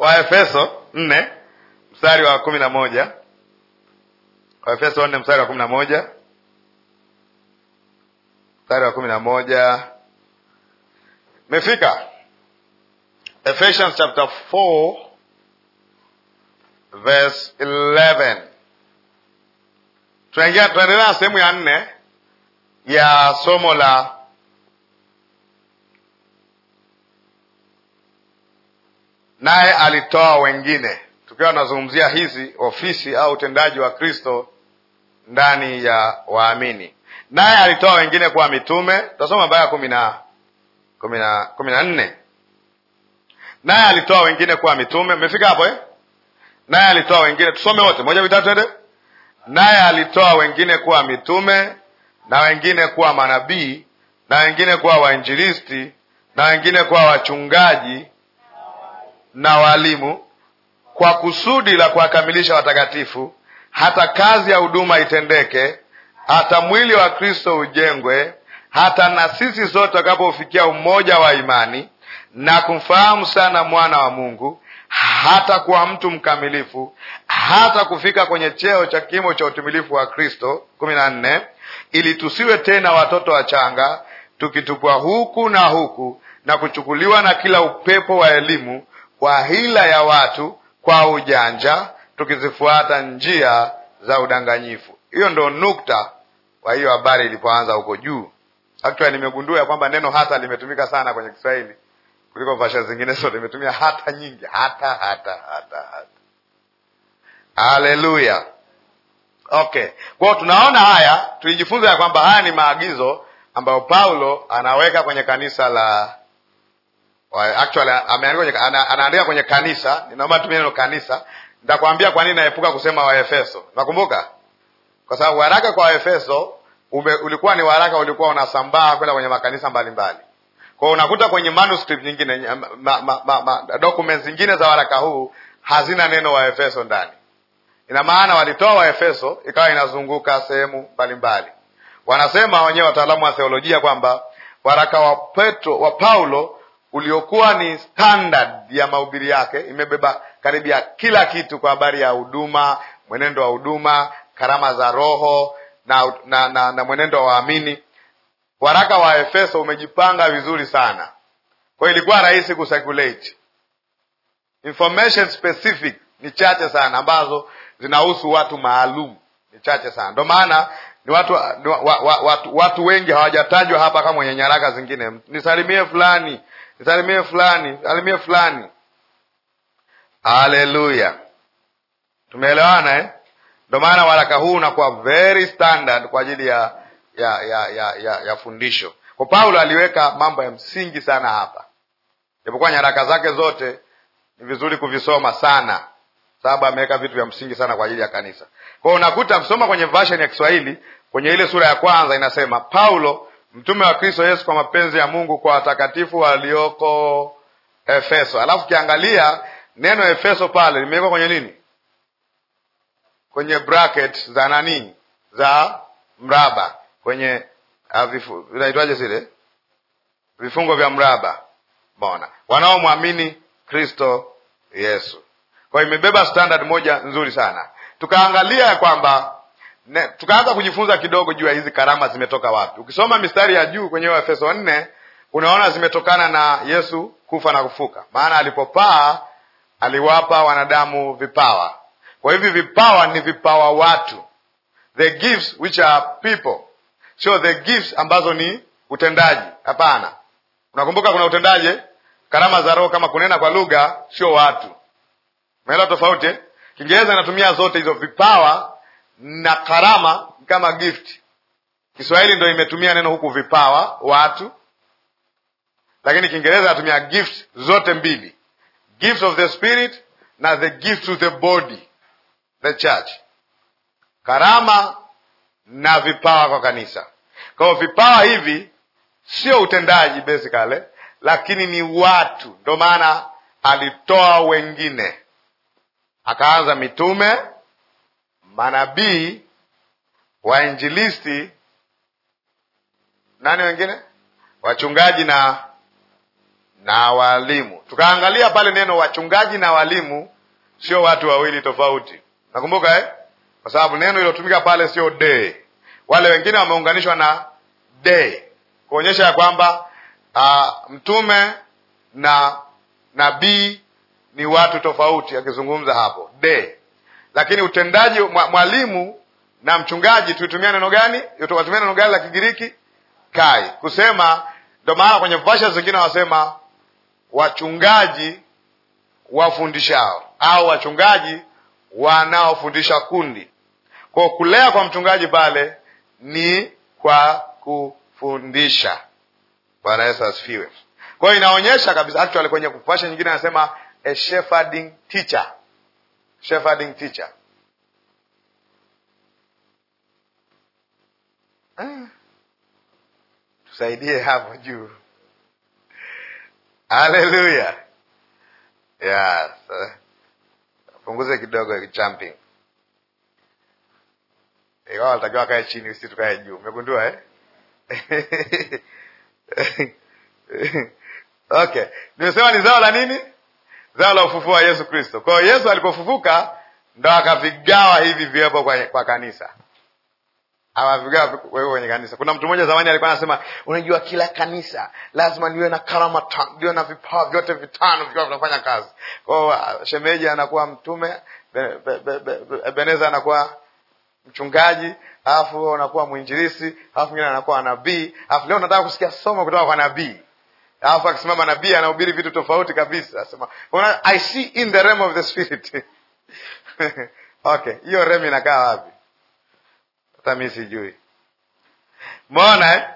Waefeso nne mstari wa kumi na moja Waefeso nne mstari wa kumi na moja mstari wa kumi na moja Mefika Ephesians chapter 4 verse 11 tunaingia, tunaendelea na sehemu ya nne ya somo la naye alitoa wengine, tukiwa tunazungumzia hizi ofisi au utendaji wa Kristo ndani ya waamini. Naye alitoa wengine kuwa mitume, tutasoma baya kumi na nne. Naye alitoa wengine kuwa mitume, mmefika hapo eh? Naye alitoa wengine, tusome wote moja vitatu ende Naye alitoa wengine kuwa mitume na wengine kuwa manabii na wengine kuwa wainjilisti na wengine kuwa wachungaji na walimu kwa kusudi la kuwakamilisha watakatifu, hata kazi ya huduma itendeke, hata mwili wa Kristo ujengwe, hata na sisi sote tutakapofikia umoja wa imani na kumfahamu sana mwana wa Mungu, hata kuwa mtu mkamilifu, hata kufika kwenye cheo cha kimo cha utimilifu wa Kristo. kumi na nne, ili tusiwe tena watoto wachanga tukitupwa huku na huku na kuchukuliwa na kila upepo wa elimu kwa hila ya watu, kwa ujanja, tukizifuata njia za udanganyifu. Hiyo ndo nukta kwa hiyo habari ilipoanza huko juu. Actually nimegundua ya kwamba neno hata limetumika sana kwenye Kiswahili kuliko fasha zingine zote, limetumia hata nyingi, hata hata hata hata. Haleluya! Okay, kwao tunaona haya, tulijifunza ya kwamba haya ni maagizo ambayo Paulo anaweka kwenye kanisa la actually ameandika ana, anaandika kwenye kanisa. Ninaomba tumie neno kanisa. Nitakwambia kwa nini naepuka kusema Waefeso. Nakumbuka kwa sababu waraka kwa Waefeso ulikuwa ni waraka ulikuwa unasambaa kwenda kwenye makanisa mbalimbali mbali. Kwa unakuta kwenye manuscript nyingine eh, ma, ma, ma, ma, documents zingine za waraka huu hazina neno Waefeso ndani. Ina maana walitoa Waefeso ikawa inazunguka sehemu mbalimbali. Wanasema wenyewe wataalamu wa theolojia kwamba waraka wa Petro wa Paulo uliokuwa ni standard ya mahubiri yake, imebeba karibia kila kitu kwa habari ya huduma, mwenendo wa huduma, karama za Roho na, na, na, na mwenendo wa waamini. Waraka wa Efeso umejipanga vizuri sana, kwa ilikuwa rahisi kucirculate information specific ni chache sana, ambazo zinahusu watu maalum ni chache sana. Ndio maana ni watu, wa, wa, wa, watu, watu wengi hawajatajwa hapa kama wenye nyaraka zingine, nisalimie fulani salimia fulani, salimia fulani. Haleluya, tumeelewana eh? Ndio maana waraka huu unakuwa very standard kwa ajili ya ya ya ya, ya, ya fundisho. Kwa Paulo aliweka mambo ya msingi sana hapa, japokuwa nyaraka zake zote ni vizuri kuvisoma sana, sababu ameweka vitu vya msingi sana kwa ajili ya kanisa. Kwa hiyo unakuta msoma kwenye version ya Kiswahili kwenye ile sura ya kwanza inasema Paulo mtume wa Kristo Yesu kwa mapenzi ya Mungu kwa watakatifu walioko Efeso. Alafu kiangalia neno Efeso pale limewekwa kwenye nini? Kwenye bracket za nani? Za mraba, kwenye ah, vinaitwaje zile vifungo vya mraba, bona wanaomwamini Kristo Yesu. Kwa hiyo imebeba standard moja nzuri sana, tukaangalia ya kwamba tukaanza kujifunza kidogo juu ya hizi karama zimetoka wapi. Ukisoma mistari ya juu kwenye Waefeso wa nne unaona zimetokana na Yesu kufa na kufuka, maana alipopaa aliwapa wanadamu vipawa. Kwa hivi vipawa ni vipawa watu, the gifts which are people, sio the gifts ambazo ni utendaji. Hapana, unakumbuka kuna utendaji, karama za Roho kama kunena kwa lugha, sio watu. maelewa tofauti? Kiingereza inatumia zote hizo vipawa na karama kama gift. Kiswahili ndo imetumia neno huku vipawa watu, lakini Kiingereza inatumia gift zote mbili, gift of the spirit na the gift to the body the church, karama na vipawa kwa kanisa. Kwa hiyo vipawa hivi sio utendaji basically, lakini ni watu. Ndo maana alitoa wengine, akaanza mitume manabii, wainjilisti, nani wengine, wachungaji na na walimu. Tukaangalia pale neno wachungaji na walimu sio watu wawili tofauti, nakumbuka eh? Kwa sababu neno lilotumika pale sio de, wale wengine wameunganishwa na de kuonyesha ya kwamba uh, mtume na nabii ni watu tofauti. Akizungumza hapo de lakini utendaji mwalimu na mchungaji tuitumia neno gani? Watumia neno gani la Kigiriki? Kai kusema. Ndo maana kwenye vasha zingine wanasema wachungaji wafundishao au wachungaji wanaofundisha kundi. Kwa kulea kwa mchungaji pale ni kwa kufundisha. Bwana Yesu asifiwe. Kwa hiyo inaonyesha kabisa, actually kwenye vasha nyingine anasema a shepherding teacher shepherding teacher. Ah. tusaidie hapo juu. Haleluya! Yes. Punguze kidogo jumping, wao walitakiwa wakae chini, usi tukae juu. Umegundua eh? Okay, nimesema ni zao la nini? zao la ufufuo wa Yesu Kristo. Kwa hiyo Yesu alipofufuka ndo akavigawa hivi viwepo kwa, kwa kanisa awavigawa wewe kwenye kanisa. Kuna mtu mmoja zamani alikuwa anasema, unajua kila kanisa lazima niwe na karama tano, niwe na vipawa vyote vitano vikiwa vinafanya kazi. Kwao uh, shemeji anakuwa mtume, Ebeneza anakuwa mchungaji, alafu unakuwa mwinjilisi, alafu mwingine anakuwa nabii, alafu leo nataka kusikia somo kutoka kwa nabii alafu akisimama nabii anahubiri vitu tofauti kabisa. Sema I see in the realm of the spirit okay, hiyo rem inakaa wapi? Hata mi sijui, umeona eh?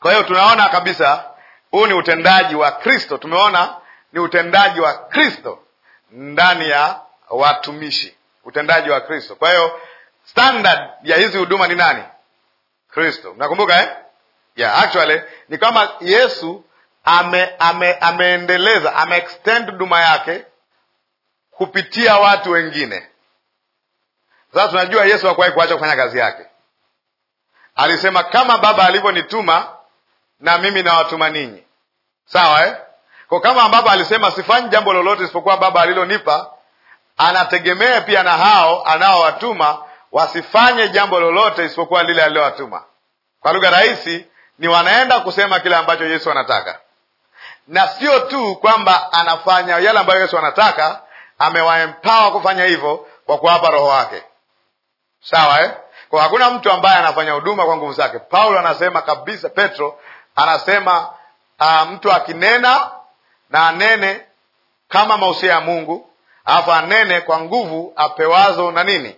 Kwa hiyo tunaona kabisa huu ni utendaji wa Kristo. Tumeona ni utendaji wa Kristo ndani ya watumishi, utendaji wa Kristo. Kwa hiyo standard ya hizi huduma ni nani? Kristo. Mnakumbuka eh? Yeah, actually ni kama Yesu ame- ame- ameendeleza ameextend huduma yake kupitia watu wengine. Sasa tunajua Yesu hakuwahi kuacha kufanya kazi yake. Alisema, kama Baba alivyonituma na mimi nawatuma ninyi, sawa eh? Kwa kama ambapo alisema sifanyi jambo lolote isipokuwa Baba alilonipa, anategemea pia na hao anaowatuma wasifanye jambo lolote isipokuwa lile alilowatuma. Kwa lugha rahisi, ni wanaenda kusema kile ambacho Yesu anataka na sio tu kwamba anafanya yale ambayo Yesu anataka, amewaempower kufanya hivyo kwa kuwapa Roho wake, sawa eh? Kwa hakuna mtu ambaye anafanya huduma kwa nguvu zake. Paulo anasema kabisa, Petro anasema uh, mtu akinena na anene kama mausia ya Mungu, alafu anene kwa nguvu apewazo na nini.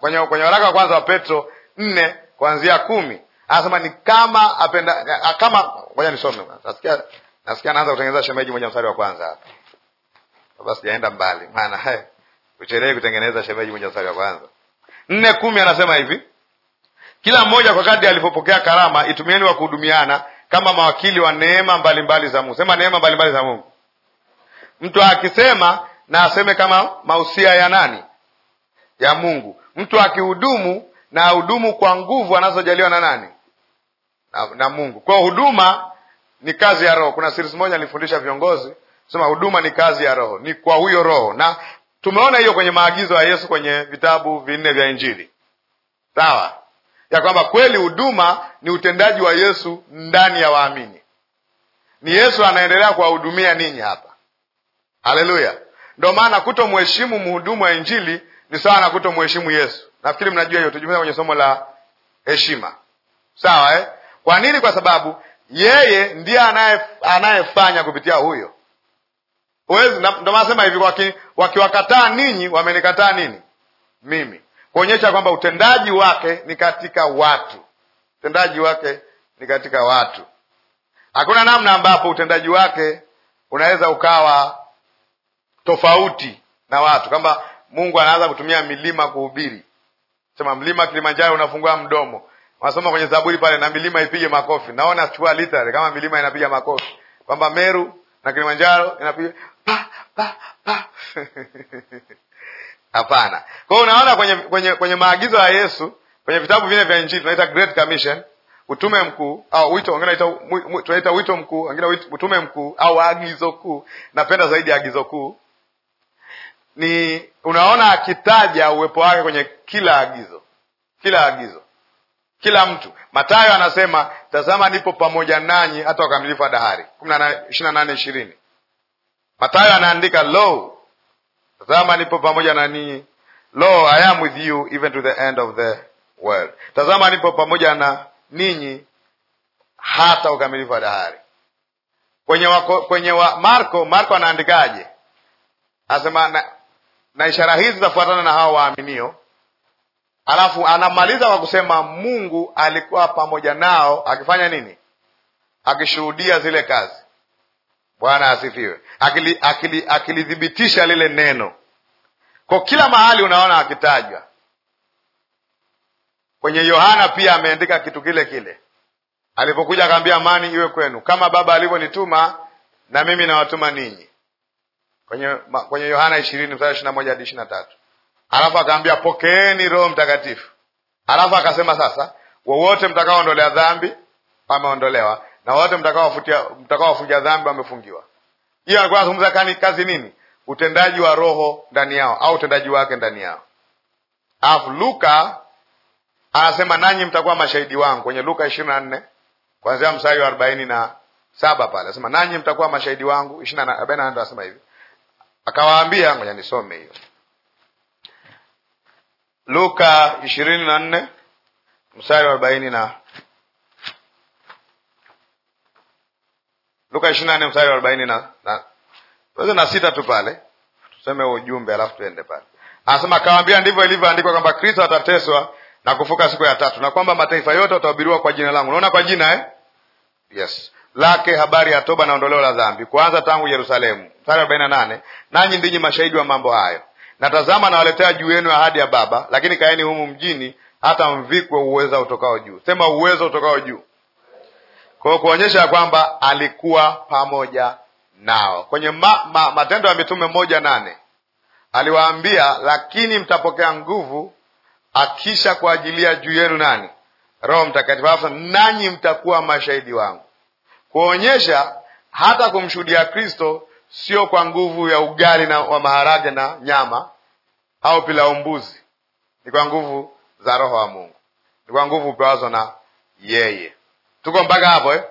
Kwenye kwenye waraka wa kwanza wa Petro nne kuanzia kumi anasema ni kama apenda, kama ngoja nisome nasikia Nasikia anaanza kutengeneza shemeji moja mstari wa kwanza hapa. Baba sijaenda mbali. Maana hai uchelewe kutengeneza shemeji moja mstari wa kwanza. Nne kumi anasema hivi. Kila mmoja kwa kadri alipopokea karama itumieni wa kuhudumiana kama mawakili wa neema mbalimbali mbali za Mungu. Sema neema mbalimbali za Mungu. Mtu akisema na aseme kama mausia ya nani? Ya Mungu. Mtu akihudumu na ahudumu kwa nguvu anazojaliwa na nani? Na, na Mungu. Kwa huduma ni kazi ya Roho. Kuna series moja nilifundisha viongozi, sema huduma ni kazi ya Roho, ni kwa huyo Roho, na tumeona hiyo kwenye maagizo ya Yesu kwenye vitabu vinne vya Injili, sawa, ya kwamba kweli huduma ni utendaji wa Yesu ndani ya waamini. Ni Yesu anaendelea kuwahudumia ninyi hapa. Haleluya! Ndio maana kutomheshimu mhudumu wa Injili ni sawa na kutomheshimu Yesu. Nafikiri mnajua hiyo, tujifunza kwenye somo la heshima, sawa eh? Kwa nini? Kwa sababu yeye ndiye anayefanya kupitia huyo. Huwezi, ndio sema hivi, wakiwakataa ninyi, wamenikataa nini mimi, kuonyesha kwamba utendaji wake ni katika watu. Utendaji wake ni katika watu. Hakuna namna ambapo utendaji wake unaweza ukawa tofauti na watu, kwamba Mungu anaanza kutumia milima kuhubiri, sema mlima Kilimanjaro unafungua mdomo Unasoma kwenye Zaburi pale, na milima ipige makofi. Naona chukua literally kama milima inapiga makofi, kwamba Meru na Kilimanjaro inapiga pa pa pa hapana. Kwa hiyo unaona kwenye, kwenye, kwenye maagizo ya Yesu kwenye vitabu vile vya Injili tunaita Great Commission, utume mkuu au wito, wengine wanaita tunaita wito mkuu, wengine utume mkuu au agizo kuu. Napenda zaidi agizo kuu ni unaona akitaja uwepo wake kwenye kila agizo, kila agizo kila mtu. Matayo anasema tazama, nipo pamoja nanyi hata ukamilifu wa dahari, ishirini na nane ishirini. Matayo anaandika lo, tazama, nipo pamoja na ninyi, lo I am with you even to the end of the world, tazama, nipo pamoja na ninyi hata ukamilifu wa dahari. Kwenye, wako, kwenye wa Marko, Marko anaandikaje? Anasema na, na ishara hizi zitafuatana na hawa waaminio alafu anamaliza kwa kusema Mungu alikuwa pamoja nao akifanya nini? Akishuhudia zile kazi. Bwana asifiwe, akilithibitisha akili, akili lile neno. Kwa kila mahali unaona akitajwa kwenye Yohana pia ameandika kitu kile kile, alipokuja akaambia amani iwe kwenu, kama Baba alivyonituma na mimi nawatuma ninyi, kwenye Yohana kwenye ishirini mstari ishirini na moja hadi ishirini na tatu alafu akaambia pokeeni Roho Mtakatifu, alafu akasema sasa, wowote mtakaoondolea dhambi ameondolewa na wowote mtakaowafungia dhambi wamefungiwa. Hiyo alikuwa anazungumza kani kazi nini? Utendaji wa Roho ndani yao au utendaji wake ndani yao. Alafu Luka anasema nanyi mtakuwa mashahidi wangu kwenye Luka ishirini na nne kwanzia mstari wa arobaini na saba pale anasema nanyi mtakuwa mashahidi wangu. ishirini na nane anasema hivi, akawaambia, ngoja nisome hiyo Luka ishirini na nne mstari wa arobaini na Luka ishirini na nne mstari wa arobaini na tuweze na sita tu pale, tuseme ujumbe alafu tuende pale. Anasema, akawaambia ndivyo ilivyoandikwa kwamba Kristo atateswa na kufuka siku ya tatu na kwamba mataifa yote watahubiriwa kwa jina langu. Unaona, kwa jina eh? Yes lake habari ya toba na ondoleo la dhambi, kwanza tangu Yerusalemu. Mstari arobaini na nane nanyi ndinyi mashahidi wa mambo hayo natazama nawaletea juu yenu ahadi ya Baba, lakini kaeni humu mjini hata mvikwe uweza utokao juu. Sema uwezo utokao juu, kwa kuonyesha ya kwamba alikuwa pamoja nao. Kwenye ma, ma, Matendo ya Mitume moja nane aliwaambia, lakini mtapokea nguvu akisha kuajilia juu yenu nani? Roho Mtakatifu, halafu nanyi mtakuwa mashahidi wangu. Kuonyesha hata kumshuhudia Kristo sio kwa nguvu ya ugali na wa maharage na nyama au pilau mbuzi, ni kwa nguvu za Roho wa Mungu, ni kwa nguvu upewazo na yeye. Tuko mpaka hapo eh?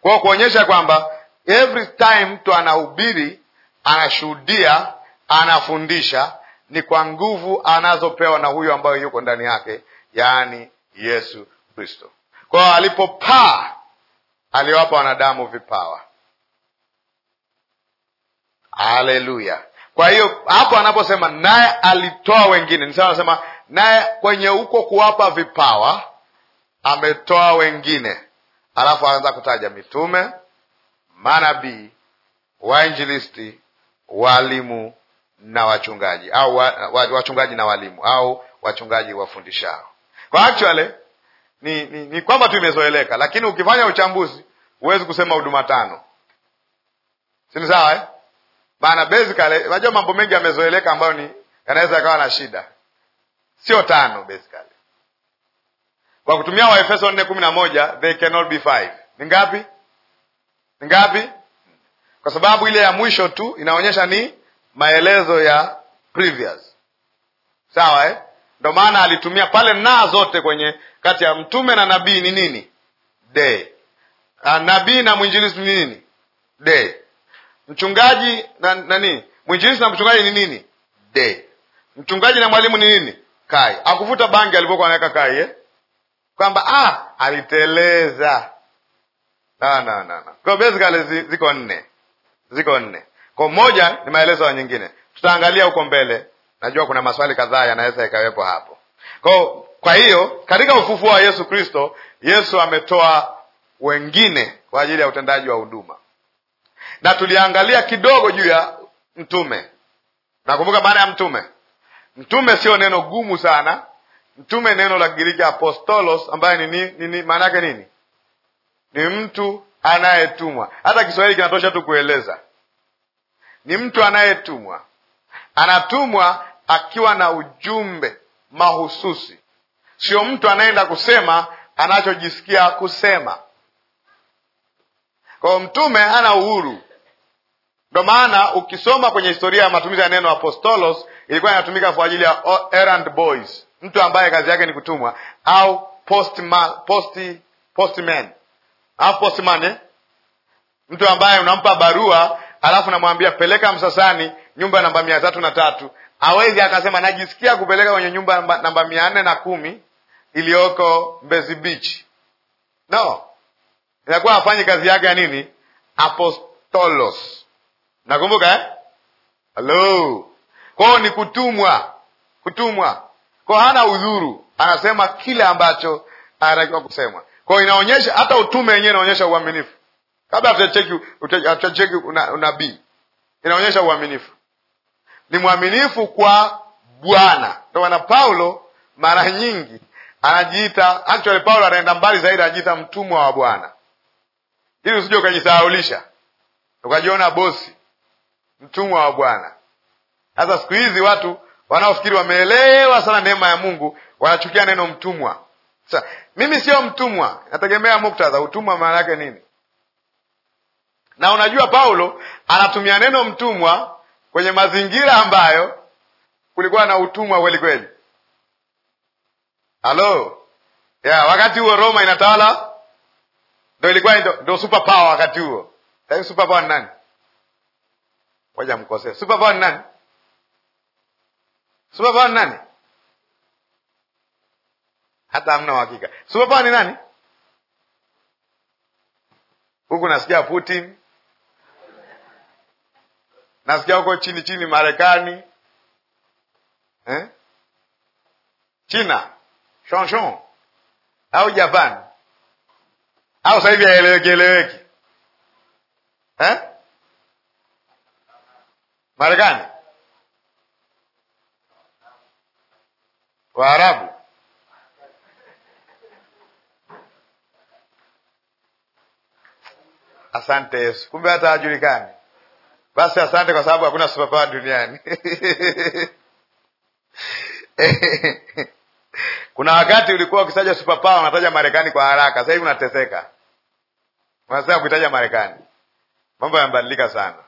Kwa kuonyesha kwamba every time mtu anahubiri, anashuhudia, anafundisha ni kwa nguvu anazopewa na huyo ambayo yuko ndani yake, yaani Yesu Kristo. Kwa alipopaa aliwapa wanadamu vipawa Haleluya! Kwa hiyo hapo anaposema naye alitoa wengine, ni sawa, anasema naye kwenye huko kuwapa vipawa ametoa wengine, alafu anaanza kutaja mitume, manabii, wainjilisti, walimu na wachungaji au wa, wa, wachungaji na walimu au wachungaji wafundishao. Kwa actually ni, ni, ni kwamba tu imezoeleka, lakini ukifanya uchambuzi huwezi kusema huduma tano, si ni sawa eh? maana basically unajua mambo mengi yamezoeleka ambayo ni yanaweza yakawa na shida, sio tano basically. Kwa kutumia Waefeso nne kumi na moja they cannot be five. Ni ngapi? Ni ngapi? Kwa sababu ile ya mwisho tu inaonyesha ni maelezo ya previous, sawa eh? Ndo maana alitumia pale naa zote kwenye kati ya mtume na nabii ni nini? Day. Ah, nabii na mwinjilisi ni nini? de mchungaji na nani, mwinjilisi na mchungaji ni nini? de Mchungaji na mwalimu ni nini? Kai. Akuvuta bangi alivyokuwa anaweka Kai eh? kwamba ah, aliteleza na, na, na, na. Kwa basically ziko nne, ziko nne. Kwa moja ni maelezo ya nyingine, tutaangalia huko mbele. Najua kuna maswali kadhaa yanaweza ikawepo hapo. Kwa kwa hiyo katika ufufuo wa Yesu Kristo, Yesu ametoa wengine kwa ajili ya utendaji wa huduma na tuliangalia kidogo juu ya mtume. Nakumbuka maana ya mtume. Mtume sio neno gumu sana. Mtume neno la Kigiriki apostolos, ambaye ni nini? Maana yake nini? Ni mtu anayetumwa. Hata Kiswahili kinatosha tu kueleza, ni mtu anayetumwa. Anatumwa akiwa na ujumbe mahususi, sio mtu anayeenda kusema anachojisikia kusema. Kwa mtume hana uhuru Ndo maana ukisoma kwenye historia ya matumizi ya neno apostolos, ilikuwa inatumika kwa ajili ya errand boys, mtu ambaye kazi yake ni kutumwa, au postman, au postman eh? mtu ambaye unampa barua alafu namwambia peleka Msasani nyumba namba mia tatu na tatu. Awezi akasema najisikia kupeleka kwenye nyumba namba mia nne na kumi iliyoko Mbezi Beach. No, inakuwa afanye kazi yake ya nini? Apostolos. Nakumbuka eh? Hello. Kwao ni kutumwa, kutumwa kwao, hana udhuru, anasema kile ambacho anatakiwa kusema Kwao inaonyesha hata utume wenyewe inaonyesha uaminifu, kabla hatutacheki unabii, inaonyesha uaminifu, ni mwaminifu kwa Bwana. Ndio maana Paulo mara nyingi anajiita, actually Paulo anaenda mbali zaidi, anajiita mtumwa wa Bwana, ili usije ukajisahaulisha ukajiona bosi mtumwa wa Bwana. Sasa siku hizi watu wanaofikiri wameelewa sana neema ya Mungu wanachukia neno mtumwa. Sasa mimi siyo mtumwa, nategemea muktadha. Utumwa maana yake nini? Na unajua Paulo anatumia neno mtumwa kwenye mazingira ambayo kulikuwa na utumwa kweli kweli. Halo ya wakati huo Roma inatawala, ndo ilikuwa ndo super power wakati huo. Super power ni nani? waja mkosea super ni nani? super ni nani? hata hamna uhakika. super ni nani? huku nasikia Putin, nasikia huko chini chini Marekani eh? China shonshon au Japan au sahivi haeleweki eleweki eh? Marekani, Waarabu, asante Yesu. Kumbe hata hajulikani. Basi asante kwa sababu hakuna superpower duniani. Kuna wakati ulikuwa ukitaja superpower unataja Marekani kwa haraka, sasa hivi unateseka, unasema kuitaja Marekani. Mambo yamebadilika sana.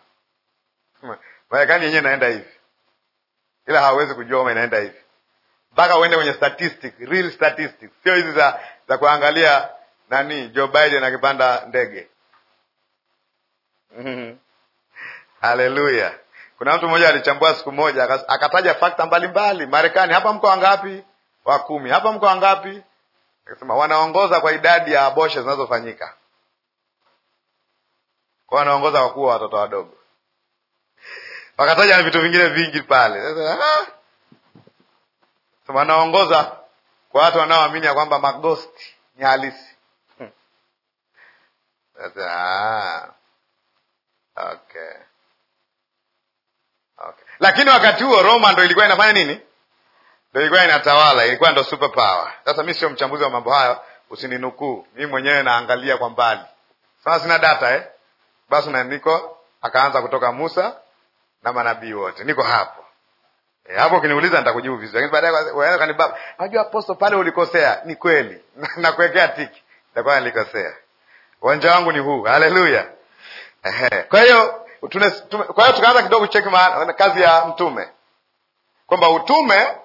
Marekani yenyewe inaenda hivi, ila hawezi kujua kama inaenda hivi mpaka uende kwenye statistics, real statistics, sio hizi za za kuangalia nani Joe Biden akipanda ndege. Mhm. Haleluya! Kuna mtu mmoja alichambua siku moja akataja fakta mbalimbali. Marekani hapa mko wangapi? Wa kumi. Hapa mko wangapi? Akasema wanaongoza kwa idadi ya aboshe zinazofanyika, kwa wanaongoza kwa watoto wadogo wakataja na vitu vingine vingi pale. Ah. Sasa wanaongoza kwa watu wanaoamini ya kwamba magosti ni halisi. Hmm. Sasa ah. okay. Okay. Lakini wakati huo Roma ndo ilikuwa inafanya nini? Ndo ilikuwa inatawala, ilikuwa ndo super power. Sasa mi sio mchambuzi wa mambo hayo, usininukuu. Mi mwenyewe naangalia kwa mbali, sasa sina data eh? Basi na niko akaanza kutoka Musa na manabii wote, niko hapo e, hapo ukiniuliza nitakujibu vizuri, lakini baadaye unaweza kanibaba, unajua aposto pale ulikosea. Ni kweli nakuwekea tiki, nitakuwa nilikosea, uwanja wangu ni huu. Haleluya! Kwa hiyo kwa hiyo tukaanza kidogo cheki kazi ya mtume kwamba utume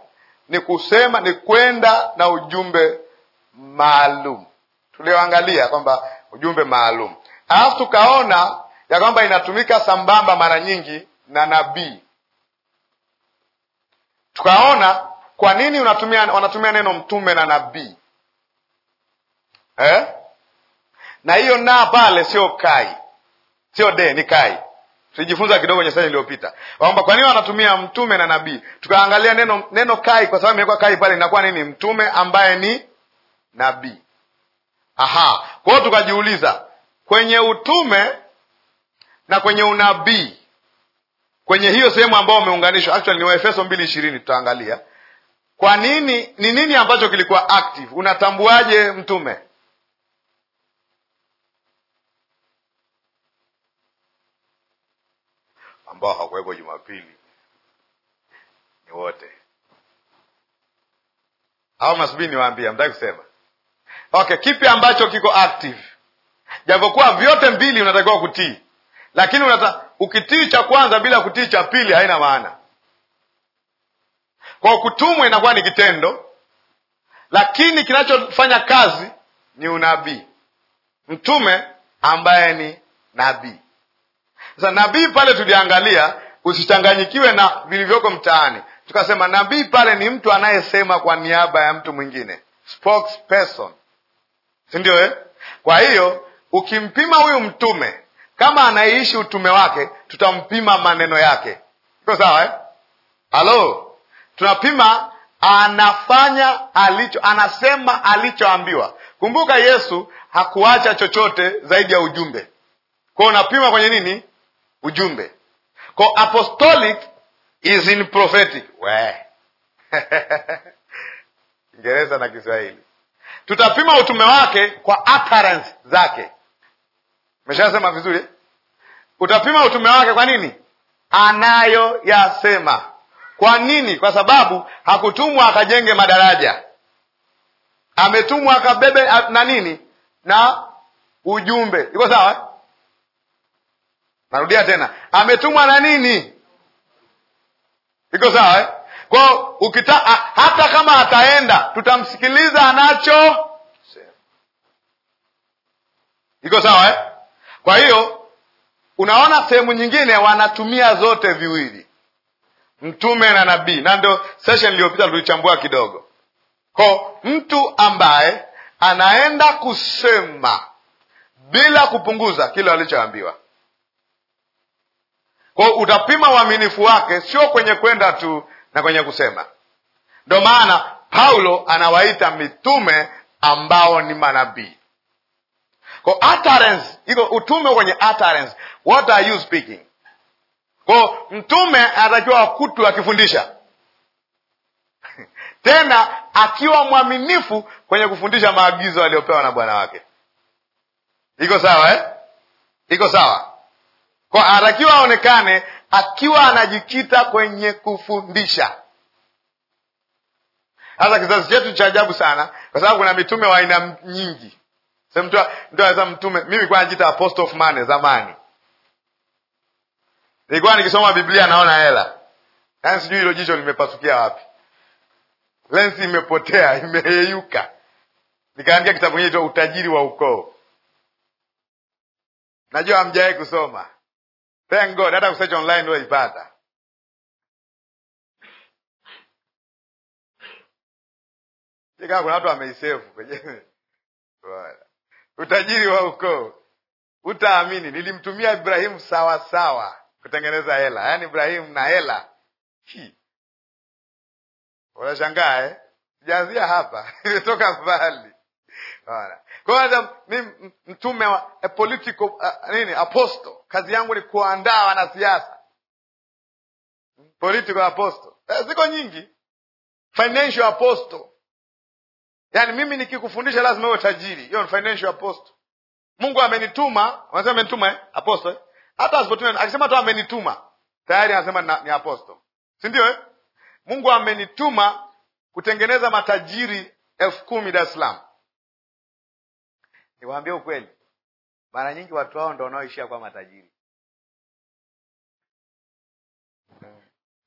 ni kusema ni kwenda na ujumbe maalum tulioangalia kwamba ujumbe maalum, alafu tukaona ya kwamba inatumika sambamba mara nyingi na nabii. Tukaona kwa nini unatumia, wanatumia neno mtume na nabii eh? na hiyo na pale sio kai, sio de, ni kai. Tulijifunza kidogo kwenye session iliyopita kwamba kwa nini wanatumia mtume na nabii. Tukaangalia neno neno kai, kwa sababu imewekwa kai pale, inakuwa nini? Mtume ambaye ni nabii. Aha, kwa hiyo tukajiuliza kwenye utume na kwenye unabii kwenye hiyo sehemu ambayo wameunganishwa. actually ni Waefeso mbili ishirini. Tutaangalia kwa nini, ni nini ambacho kilikuwa active. Unatambuaje mtume? ambao hawakuwepo Jumapili ni wote au masubiri, niwaambia mtaki kusema okay, kipi ambacho kiko active? Japokuwa vyote mbili unatakiwa kutii lakini unata, ukitii cha kwanza bila kutii cha pili haina maana. Kwa kutumwa inakuwa ni kitendo, lakini kinachofanya kazi ni unabii, mtume ambaye ni nabii. Sasa nabii pale tuliangalia, usichanganyikiwe na vilivyoko mtaani. Tukasema nabii pale ni mtu anayesema kwa niaba ya mtu mwingine, spokesperson, si ndio eh? Kwa hiyo ukimpima huyu mtume kama anaishi utume wake, tutampima maneno yake. Iko sawa eh? Halo, tunapima anafanya alicho, anasema alichoambiwa. Kumbuka Yesu hakuacha chochote zaidi ya ujumbe. Kwa unapima kwenye nini? Ujumbe. Kwa apostolic is in prophetic. We Ingereza na Kiswahili tutapima utume wake kwa utterance zake. Meshasema vizuri, utapima utume wake. Kwa nini? Anayo yasema. Kwa nini? Kwa sababu hakutumwa akajenge madaraja, ametumwa akabebe na nini na ujumbe. Iko sawa? Narudia tena, ametumwa na nini? Iko sawa eh? Kwa ukita hata kama ataenda, tutamsikiliza anacho. Iko sawa eh? Kwa hiyo unaona sehemu nyingine wanatumia zote viwili, mtume na nabii, na ndio session iliyopita tulichambua kidogo. Kwa mtu ambaye anaenda kusema bila kupunguza kile alichoambiwa, kwa utapima uaminifu wake, sio kwenye kwenda tu na kwenye kusema. Ndio maana Paulo anawaita mitume ambao ni manabii kwa utterance iko utume kwenye utterance. What are you speaking? Kwa mtume anatakiwa kutu akifundisha tena akiwa mwaminifu kwenye kufundisha maagizo aliyopewa na bwana wake. Iko sawa eh? Iko sawa. Kwa anatakiwa aonekane akiwa anajikita kwenye kufundisha. hasa kizazi chetu cha ajabu sana, kwa sababu kuna mitume wa aina nyingi mtu mtume. Mimi nilikuwa najiita apostle of money zamani, nilikuwa nikisoma Biblia naona hela, yaani sijui hilo jicho limepasukia wapi, lensi imepotea, imeyeyuka. Nikaandika kitabu kinaitwa Utajiri wa Ukoo. Najua hamjawahi kusoma, thank God. Hata kusearch online ndio ipata kuna watu wameisevu kwenyewe. utajiri wa ukoo, utaamini nilimtumia Ibrahimu sawasawa kutengeneza hela. Yaani Ibrahimu na hela, unashangaa eh? Sijaanzia hapa imetoka mbali. Kwa mi mtume wa a political, uh, nini apostle. Kazi yangu ni kuandaa wanasiasa, political apostle. Eh, ziko nyingi, financial apostle Yaani mimi nikikufundisha lazima uwe tajiri. Hiyo ni financial apostle. Mungu amenituma, anasema amenituma eh? Apostle. Eh? Hata asipotuma akisema tu amenituma, tayari anasema ni apostle. Si ndio eh? Mungu amenituma kutengeneza matajiri elfu kumi Dar es Salaam. Niwaambie ukweli. Mara nyingi watu hao ndio wanaoishia kwa matajiri.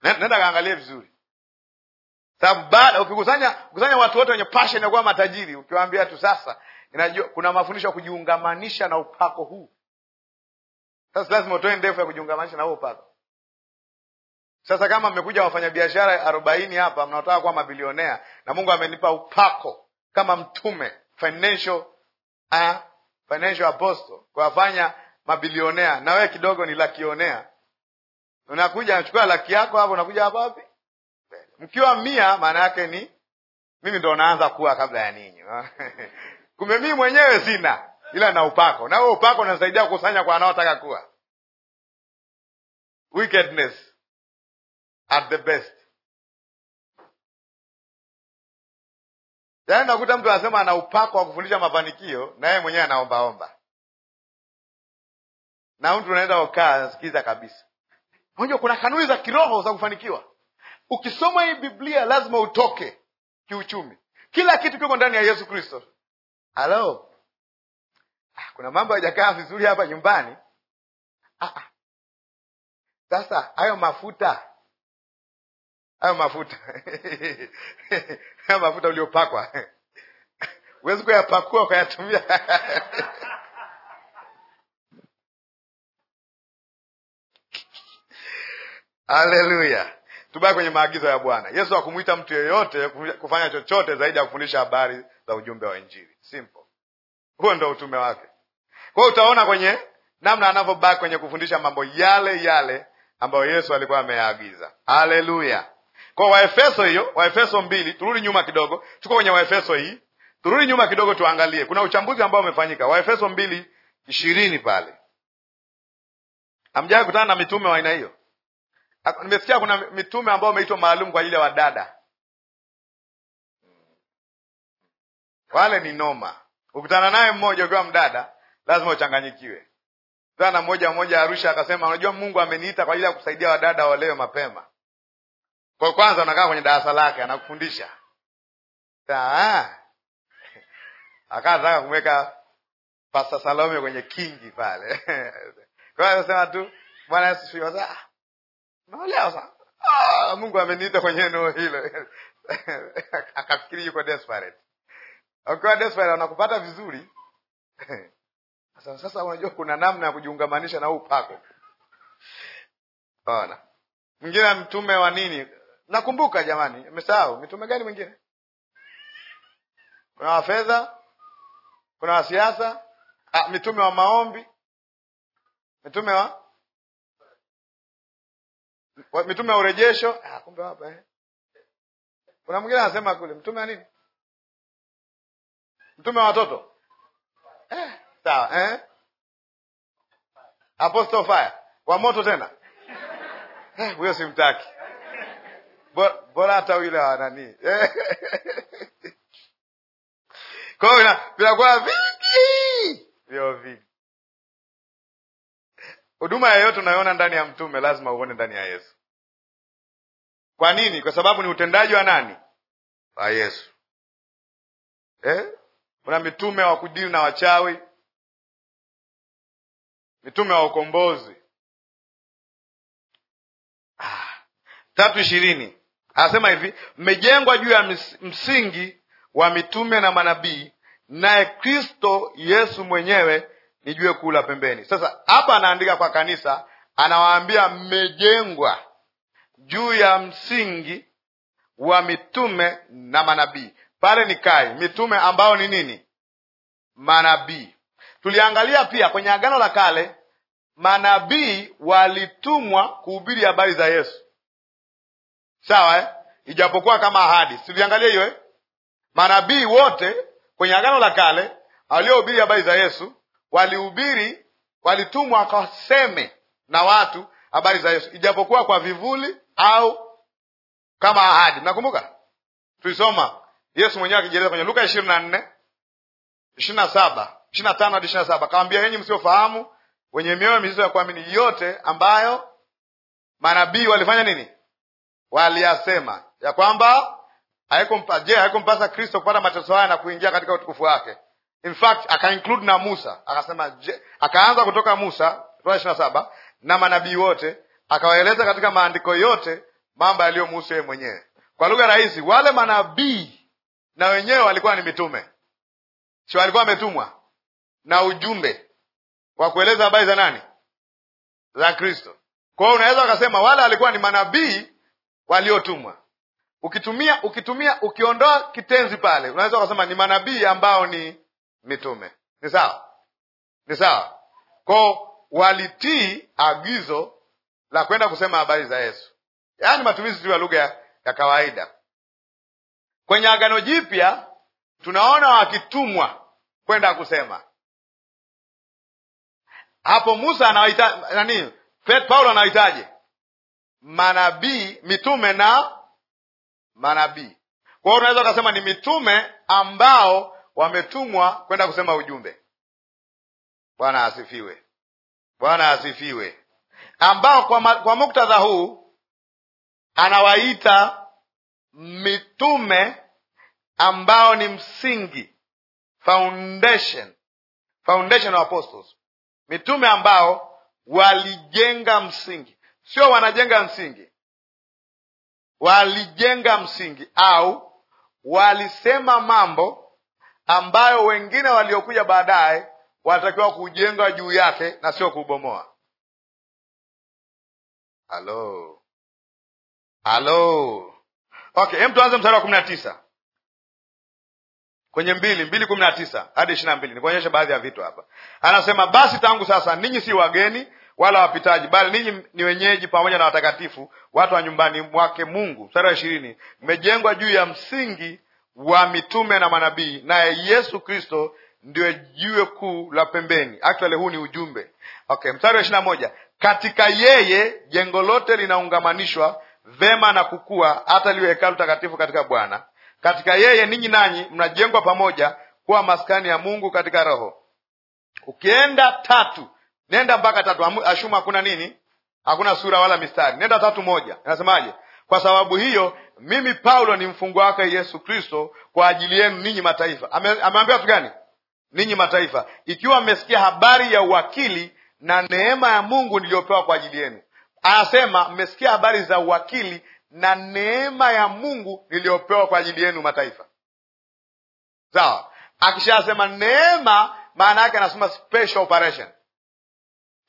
Nenda kaangalie vizuri sababu baada ukikusanya kusanya watu wote wenye passion ya kuwa matajiri, ukiwaambia tu sasa, inajua kuna mafundisho ya kujiungamanisha na upako huu. Sasa lazima utoe ndefu ya kujiungamanisha na huo upako. Sasa kama mmekuja wafanya biashara arobaini hapa, mnaotaka kuwa mabilionea na Mungu amenipa upako kama mtume financial, uh, financial apostle kuwafanya mabilionea, na wewe kidogo ni lakionea, unakuja nachukua laki yako hapo, unakuja hapa wapi mkiwa mia, maana yake ni mimi ndo naanza kuwa kabla ya ninyi kumbe mii mwenyewe sina, ila na upako, na huo upako unasaidia kukusanya kwa anaotaka kuwa wickedness at the best. Yaani nakuta mtu anasema ana upako wa kufundisha mafanikio, na yeye mwenyewe anaombaomba, na mtu unaenda ukaa, anasikiza kabisa. Unajua kuna kanuni za kiroho za kufanikiwa ukisoma hii biblia lazima utoke kiuchumi kila kitu kiko ndani ya yesu kristo halo ah, kuna mambo yajakaa vizuri hapa nyumbani ah, ah. sasa hayo mafuta hayo mafuta hayo mafuta uliopakwa huwezi kuyapakua ukayatumia haleluya Tubaki kwenye maagizo ya Bwana. Yesu hakumuita mtu yeyote kufanya chochote zaidi ya kufundisha habari za ujumbe wa Injili. Simple, huo ndo utume wake. Kwa hiyo utaona kwenye namna anavyobaki kwenye kufundisha mambo yale yale ambayo Yesu alikuwa ameyaagiza. Haleluya! Kwa Waefeso hiyo, Waefeso mbili, turudi nyuma kidogo, tuko kwenye Waefeso hii, turudi nyuma kidogo, tuangalie kuna uchambuzi ambao umefanyika. Waefeso mbili ishirini pale, hamjawahi kutana na mitume wa aina hiyo? nimesikia kuna mitume ambao wameitwa maalum kwa ajili ya wadada. Wale ni noma, ukutana naye mmoja ukiwa mdada lazima uchanganyikiwe. Sana mmoja mmoja Arusha akasema, unajua Mungu ameniita kwa ajili ya kusaidia wadada waolewe mapema. Kwa kwanza unakaa kwenye darasa lake anakufundisha akataka kumweka pasta Salome kwenye kingi pale. Kwa hiyo anasema tu Bwana Yesu naolewa ah, mungu ameniita kwenye eneo hilo akafikiri yuko desperate desperate anakupata vizuri sasa unajua kuna namna ya kujiungamanisha na pako ona mwingine mtume wa nini nakumbuka jamani mesahau mitume gani mwingine kuna wafedha kuna wasiasa ah, mitume wa maombi mitume wa mitume wa urejesho. Ah, kumbe hapa eh, kuna mwingine anasema kule mtume wa nini? Mtume wa watoto eh, sawa eh? Apostle fire wa moto tena eh, huyo eh, simtaki bora hata yule wa nani kwa hiyo vinakuwa vingi vio vingi Huduma yoyote unayoona ndani ya mtume lazima uone ndani ya Yesu. Kwa nini? Kwa sababu ni utendaji wa nani? Wa Yesu. Eh? Kuna mitume wa kudili na wachawi, mitume wa ukombozi. Ah. tatu ishirini anasema hivi, mmejengwa juu ya msingi wa mitume na manabii, naye Kristo Yesu mwenyewe nijue kula pembeni. Sasa hapa anaandika kwa kanisa, anawaambia mmejengwa juu ya msingi wa mitume na manabii. Pale ni kai mitume ambao ni nini? Manabii. Tuliangalia pia kwenye Agano la Kale, manabii walitumwa kuhubiri habari za Yesu, sawa eh? Ijapokuwa kama ahadi, tuliangalia hiyo eh? Manabii wote kwenye Agano la Kale waliohubiri habari za Yesu walihubiri, walitumwa wakaseme na watu habari za Yesu, ijapokuwa kwa vivuli au kama ahadi. Mnakumbuka tulisoma Yesu mwenyewe akijeleza kwenye Luka ishirini na nne ishirini na saba ishirini na tano hadi ishirini na saba kawambia, henyi msiofahamu, wenye mioyo mizito ya kuamini yote ambayo manabii walifanya nini, waliyasema ya kwamba haikumpasa Kristo kupata mateso haya na kuingia katika utukufu wake in fact akainclude na Musa akasema, akaanza kutoka Musa sura ishirini na saba na manabii wote, akawaeleza katika maandiko yote mambo yaliyomuhusu yeye mwenyewe. Kwa lugha rahisi, wale manabii na wenyewe walikuwa ni mitume, sio walikuwa wametumwa na ujumbe wa kueleza habari za nani? Za Kristo. Kwa hiyo unaweza ukasema wale walikuwa ni manabii waliotumwa. Ukitumia ukitumia ukiondoa kitenzi pale, unaweza ukasema ni manabii ambao ni mitume. Ni sawa, ni sawa kwao. Walitii agizo la kwenda kusema habari za Yesu, yaani matumizi tu ya lugha ya kawaida. Kwenye Agano Jipya tunaona wakitumwa kwenda kusema hapo. Musa anawaita nani? Paulo anawahitaje? Manabii, mitume na manabii. Kwa hiyo unaweza ukasema ni mitume ambao wametumwa kwenda kusema ujumbe. Bwana asifiwe, Bwana asifiwe, ambao kwa, kwa muktadha huu anawaita mitume ambao ni msingi foundation, foundation of apostles, mitume ambao walijenga msingi, sio wanajenga msingi, walijenga msingi au walisema mambo ambayo wengine waliokuja baadaye wanatakiwa kujenga juu yake na sio kubomoa. Halo, halo, okay, em, tuanze mstari wa kumi na tisa kwenye mbili mbili kumi na tisa hadi ishirini na mbili nikuonyeshe baadhi ya vitu hapa. Anasema, basi tangu sasa ninyi si wageni wala wapitaji, bali ninyi ni wenyeji pamoja na watakatifu, watu wa nyumbani mwake Mungu. Mstari wa ishirini, mmejengwa juu ya msingi wa mitume na manabii, naye Yesu Kristo ndio jiwe kuu la pembeni. Actually, huu ni ujumbe okay. Mstari wa ishirini na moja katika yeye jengo lote linaungamanishwa vema na kukua hata liwe hekalu takatifu katika Bwana. Katika yeye ninyi nanyi mnajengwa pamoja kuwa maskani ya Mungu katika Roho. Ukienda tatu, nenda mpaka tatu, ashuma hakuna nini, hakuna sura wala mistari. Nenda tatu moja, inasemaje? Kwa sababu hiyo mimi Paulo ni mfungwa wake Yesu Kristo kwa ajili yenu ninyi mataifa. Ameambia watu gani? Ninyi mataifa, ikiwa mmesikia habari ya uwakili na neema ya Mungu niliyopewa kwa ajili yenu. Anasema mmesikia habari za uwakili na neema ya Mungu niliyopewa kwa ajili yenu mataifa. Sawa. Akishasema neema, maana yake anasema special operation,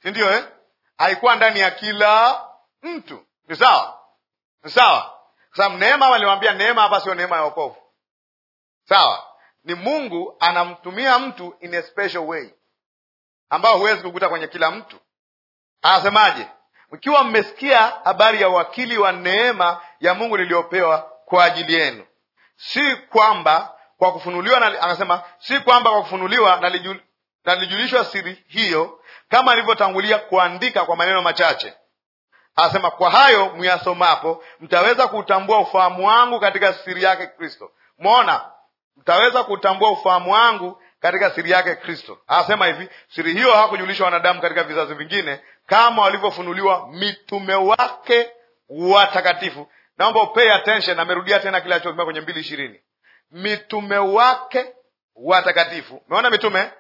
si ndio eh? Haikuwa ndani ya kila mtu, ni sawa, ni sawa kwa sababu neema, waliwaambia neema hapa sio neema ya wokovu, sawa? Ni Mungu anamtumia mtu in a special way ambao huwezi kukuta kwenye kila mtu. Anasemaje? mkiwa mmesikia habari ya uwakili wa neema ya Mungu niliyopewa kwa ajili yenu, si kwamba kwa kufunuliwa na, anasema si kwamba kwa kufunuliwa nalijulishwa siri hiyo kama alivyotangulia kuandika kwa maneno machache Anasema kwa hayo myasomapo mtaweza kuutambua ufahamu wangu katika siri yake Kristo. Mwona, mtaweza kuutambua ufahamu wangu katika siri yake Kristo. Anasema hivi, siri hiyo hawakujulishwa wanadamu katika vizazi vingine, kama walivyofunuliwa mitume wake watakatifu. Naomba pay attention, amerudia tena kile alichosema kwenye mbili ishirini, mitume wake watakatifu. Umeona mitume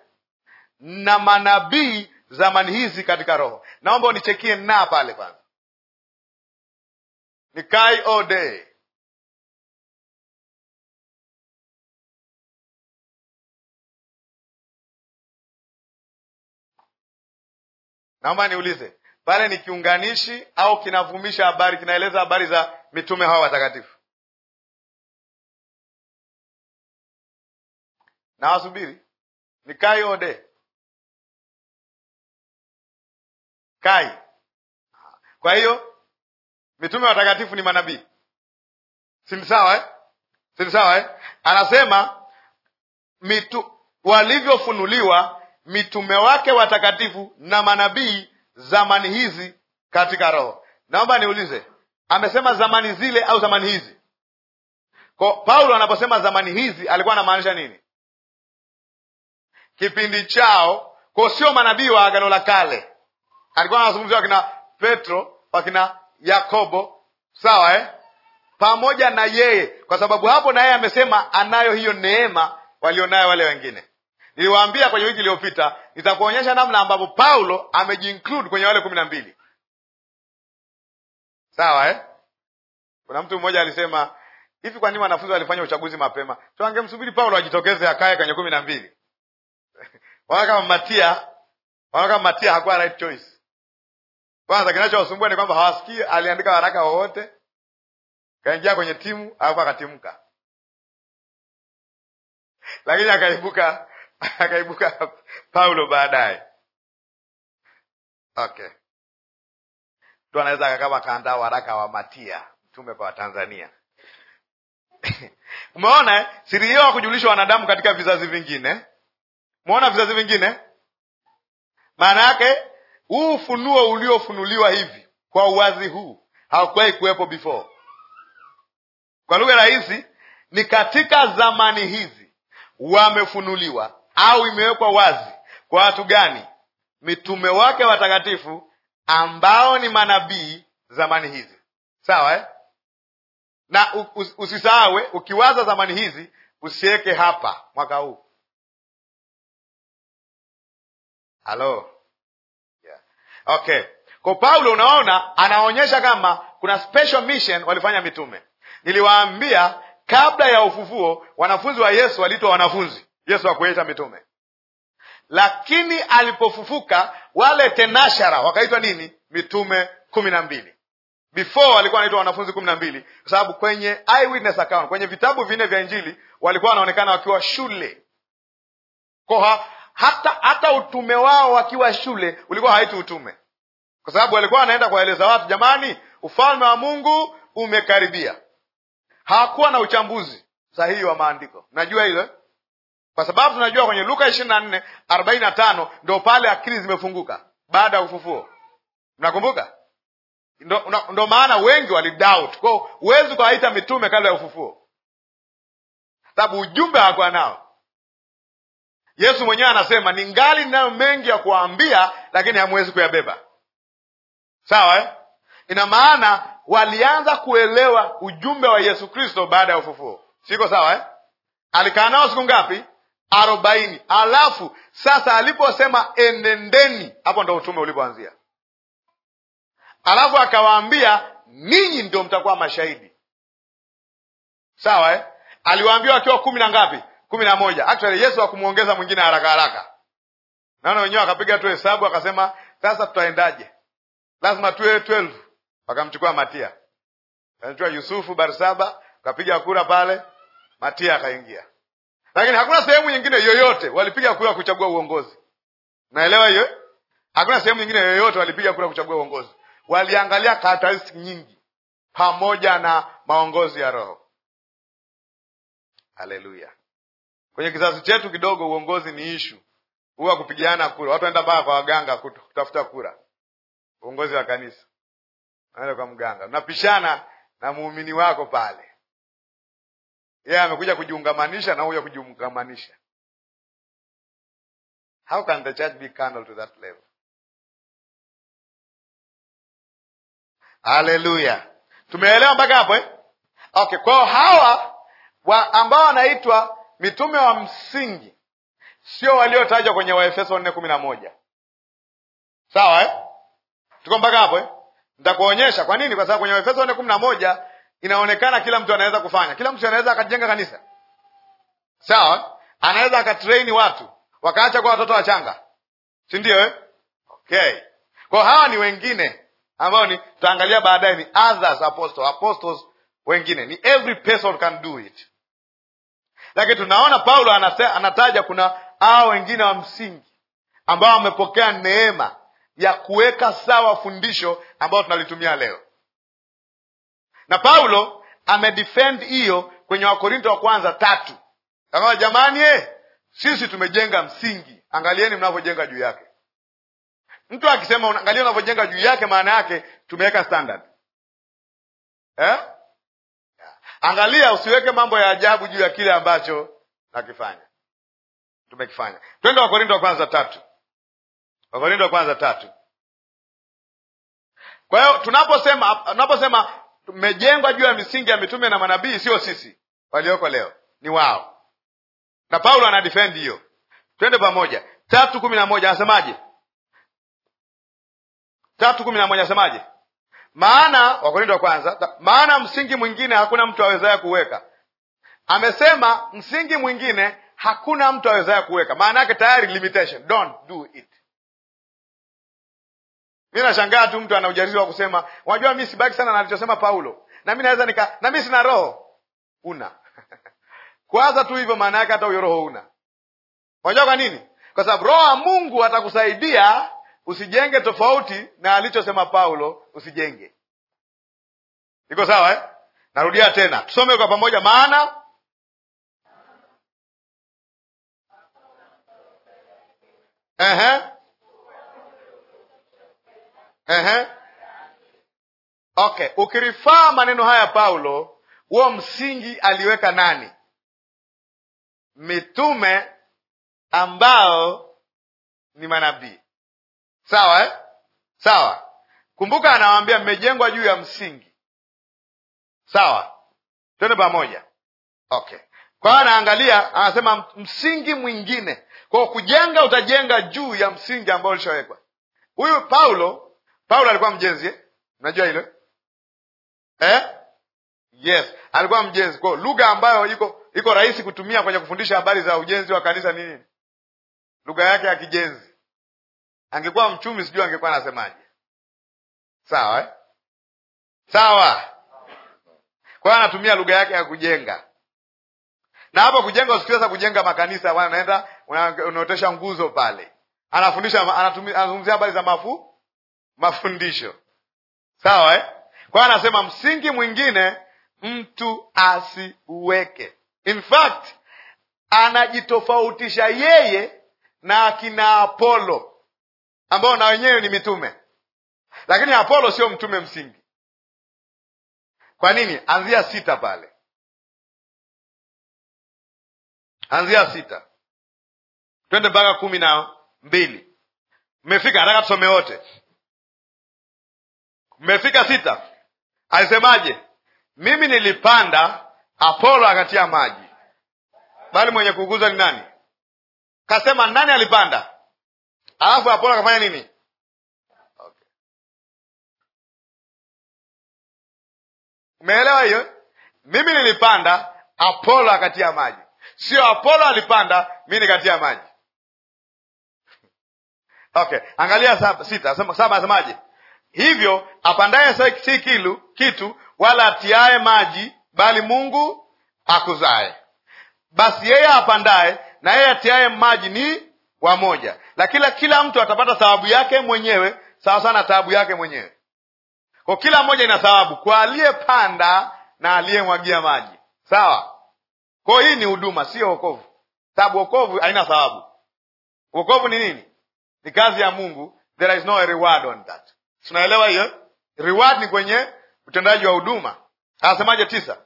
na manabii zamani hizi katika Roho. Naomba unichekie na pale kwanza ni all Naomba niulize pale, ni kiunganishi au kinavumisha habari? Kinaeleza habari za mitume hawa watakatifu na wasubiri ni kai ode kai. Kwa hiyo mitume watakatifu ni manabii, si sawa eh? si sawa eh? Anasema mitu, walivyofunuliwa mitume wake watakatifu na manabii zamani hizi katika roho. Naomba niulize, amesema zamani zile au zamani hizi? Kwa Paulo anaposema zamani hizi alikuwa anamaanisha nini? Kipindi chao, kwa sio manabii wa agano la kale. Alikuwa anazungumzia wakina Petro, wakina Yakobo, sawa eh? pamoja na yeye, kwa sababu hapo na yeye amesema anayo hiyo neema walionayo wale wengine. Niliwaambia kwenye wiki iliyopita, nitakuonyesha namna ambavyo Paulo amejiinclude kwenye wale kumi na mbili, sawa eh? Kuna mtu mmoja alisema hivi, kwa nini wanafunzi walifanya uchaguzi mapema? Tuangemsubiri Paulo ajitokeze akae kwenye kumi na mbili. Matia hakuwa right choice kwanza kinachowasumbua ni kwamba hawasikii aliandika waraka wowote, kaingia kwenye timu alafu akatimka, lakini akaibuka akaibuka Paulo baadaye. Okay, mtu anaweza kama kaandaa waraka wa Matia mtume kwa Watanzania. Umeona siri hiyo hakujulishwa wanadamu katika vizazi vingine. Umeona vizazi vingine, maana yake huu ufunuo uliofunuliwa hivi kwa uwazi huu haukuwahi kuwepo before. Kwa lugha rahisi, ni katika zamani hizi wamefunuliwa au imewekwa wazi. Kwa watu gani? Mitume wake watakatifu ambao ni manabii zamani hizi, sawa eh? na usisahawe, eh, ukiwaza zamani hizi usiweke hapa mwaka huu. Halo, Okay, kwa Paulo unaona anaonyesha kama kuna special mission walifanya mitume. Niliwaambia kabla ya ufufuo, wanafunzi wa Yesu waliitwa wanafunzi, Yesu hakuwaita mitume, lakini alipofufuka wale tenashara wakaitwa nini? Mitume kumi na mbili. Before walikuwa wanaitwa wanafunzi kumi na mbili kwa sababu kwenye eyewitness account, kwenye vitabu vinne vya Injili walikuwa wanaonekana wakiwa shule koha hata hata utume wao wakiwa shule ulikuwa haitu utume, kwa sababu walikuwa wanaenda kuwaeleza watu, jamani, ufalme wa Mungu umekaribia. Hawakuwa na uchambuzi sahihi wa maandiko, najua hilo eh? kwa sababu tunajua kwenye Luka ishirini na nne arobaini na tano ndo pale akili zimefunguka baada ya ufufuo. Mnakumbuka? Ndo, ndo maana wengi walidoubt kwao. Huwezi ukawaita mitume kabla ya ufufuo, sababu ujumbe hawakuwa nao. Yesu mwenyewe anasema ni ngali ninayo mengi ya kuwaambia, lakini hamwezi kuyabeba. Sawa eh? Ina maana walianza kuelewa ujumbe wa Yesu Kristo baada ya ufufuo, siko sawa eh? Alikaa nao siku ngapi? Arobaini. Alafu sasa aliposema enendeni, hapo ndo utume ulipoanzia. Alafu akawaambia ninyi ndio mtakuwa mashahidi, sawa eh? Aliwaambia wakiwa kumi na ngapi? kumi na moja actually Yesu hakumwongeza mwingine haraka haraka, naona wenyewe akapiga tu hesabu akasema, sasa tutaendaje? Lazima tuwe 12. Wakamchukua Matia, anachukua Yusufu Barsaba, kapiga kura pale, Matia akaingia, lakini hakuna sehemu nyingine yoyote walipiga kura kuchagua uongozi. Naelewa hiyo, hakuna sehemu nyingine yoyote walipiga kura kuchagua uongozi. Waliangalia karakteristiki nyingi pamoja na maongozi ya Roho. Haleluya! Kwenye kizazi chetu kidogo, uongozi ni ishu, huwa kupigiana kura. Watu waenda mpaka kwa waganga kutafuta kura. Uongozi wa kanisa, naenda kwa mganga, napishana na muumini wako pale, yeye yeah, amekuja kujiungamanisha na huyo kujiungamanisha. How can the church be candle to that level? Haleluya, tumeelewa mpaka hapo eh? Okay, kwao hawa wa ambao wanaitwa mitume wa msingi sio waliotajwa kwenye Waefeso nne kumi na moja. Sawa eh? tuko mpaka hapo eh? Nitakuonyesha kwa nini, kwa sababu kwenye Waefeso nne kumi na moja inaonekana kila mtu anaweza kufanya, kila mtu anaweza akajenga kanisa, sawa, eh? anaweza akatraini watu wakaacha kuwa watoto wachanga, si ndio eh? Okay, kwa hawa ni wengine ambao ni tutaangalia baadaye, ni others apostles. Apostles wengine ni every person can do it lakini tunaona Paulo anase, anataja kuna hao wengine wa msingi ambao wamepokea neema ya kuweka sawa fundisho ambayo tunalitumia leo, na Paulo amedefend hiyo kwenye Wakorinto wa kwanza tatu kama jamani, eh, sisi tumejenga msingi, angalieni mnavyojenga juu yake. Mtu akisema angalia unavyojenga juu yake, maana yake tumeweka standard eh? Angalia usiweke mambo ya ajabu juu ya kile ambacho nakifanya, tumekifanya. Twende Wakorinto wa kwanza tatu, Wakorinto wa kwanza tatu. Kwa hiyo tunaposema tunaposema tumejengwa juu ya misingi ya mitume na manabii, sio sisi walioko leo, ni wao, na Paulo ana defend hiyo. Twende pamoja, tatu kumi na moja anasemaje? Tatu kumi na moja anasemaje? Maana Wakorintho wa kwanza, maana msingi mwingine hakuna mtu awezaye kuweka. Amesema msingi mwingine hakuna mtu awezaye kuweka, maana yake tayari limitation, don't do it. Mi nashangaa tu mtu ana ujasiri wa kusema, unajua mi sibaki sana na alichosema Paulo, na mi naweza nika, na mi sina roho. Una kwaza tu hivyo, maana yake hata huyo roho una. Unajua kwa nini? Kwa sababu roho wa Mungu atakusaidia Usijenge tofauti na alichosema Paulo, usijenge. Iko sawa eh? Narudia tena, tusome kwa pamoja, maana ehe, ehe. Okay, ukirifaa maneno haya Paulo, huo msingi aliweka nani? Mitume ambao ni manabii sawa eh? Sawa, kumbuka anawaambia mmejengwa juu ya msingi sawa, twende pamoja okay. Kwa hiyo anaangalia, anasema msingi mwingine. Kwa kujenga, utajenga juu ya msingi ambao ulishawekwa. Huyu Paulo, Paulo alikuwa mjenzi eh? Unajua hilo eh? Yes, alikuwa mjenzi. Kwa lugha ambayo iko iko rahisi kutumia kwenye kufundisha habari za ujenzi wa kanisa ni nini? Lugha yake ya kijenzi angekuwa mchumi sijui angekuwa anasemaje. Sawa eh? Sawa. Kwa hiyo anatumia lugha yake ya kujenga, na hapo kujenga, usikiweza kujenga makanisa, unaenda unaotesha nguzo pale, anafundisha anazungumzia habari za mafu mafundisho. Sawa eh? Kwa hiyo anasema msingi mwingine mtu asiuweke. In fact anajitofautisha yeye na akina Apollo ambao na wenyewe ni mitume, lakini Apolo sio mtume msingi. Kwa nini? Anzia sita pale, anzia sita twende mpaka kumi na mbili. Mmefika? Nataka tusome wote. Mmefika sita? Alisemaje? Mimi nilipanda, Apolo akatia maji, bali mwenye kuguza ni nani? Kasema nani alipanda? alafu Apolo akafanya nini? Okay, umeelewa hiyo? Mimi nilipanda, Apolo akatia maji, sio Apolo alipanda, mi nikatia maji. Okay, angalia saba, sita, saba asemaje? Hivyo apandaye si kilu kitu wala atiaye maji, bali Mungu akuzaye. Basi yeye apandaye na yeye atiaye maji ni wa moja, lakini kila mtu atapata thawabu yake mwenyewe sawa sana taabu yake mwenyewe. Kwa kila mmoja ina thawabu kwa aliyepanda na aliyemwagia maji, sawa. Kwa hii ni huduma, sio wokovu, sababu wokovu haina thawabu. Wokovu ni nini? Ni kazi ya Mungu, there is no reward on that. Tunaelewa hiyo? Reward ni kwenye utendaji wa huduma. Anasemaje tisa?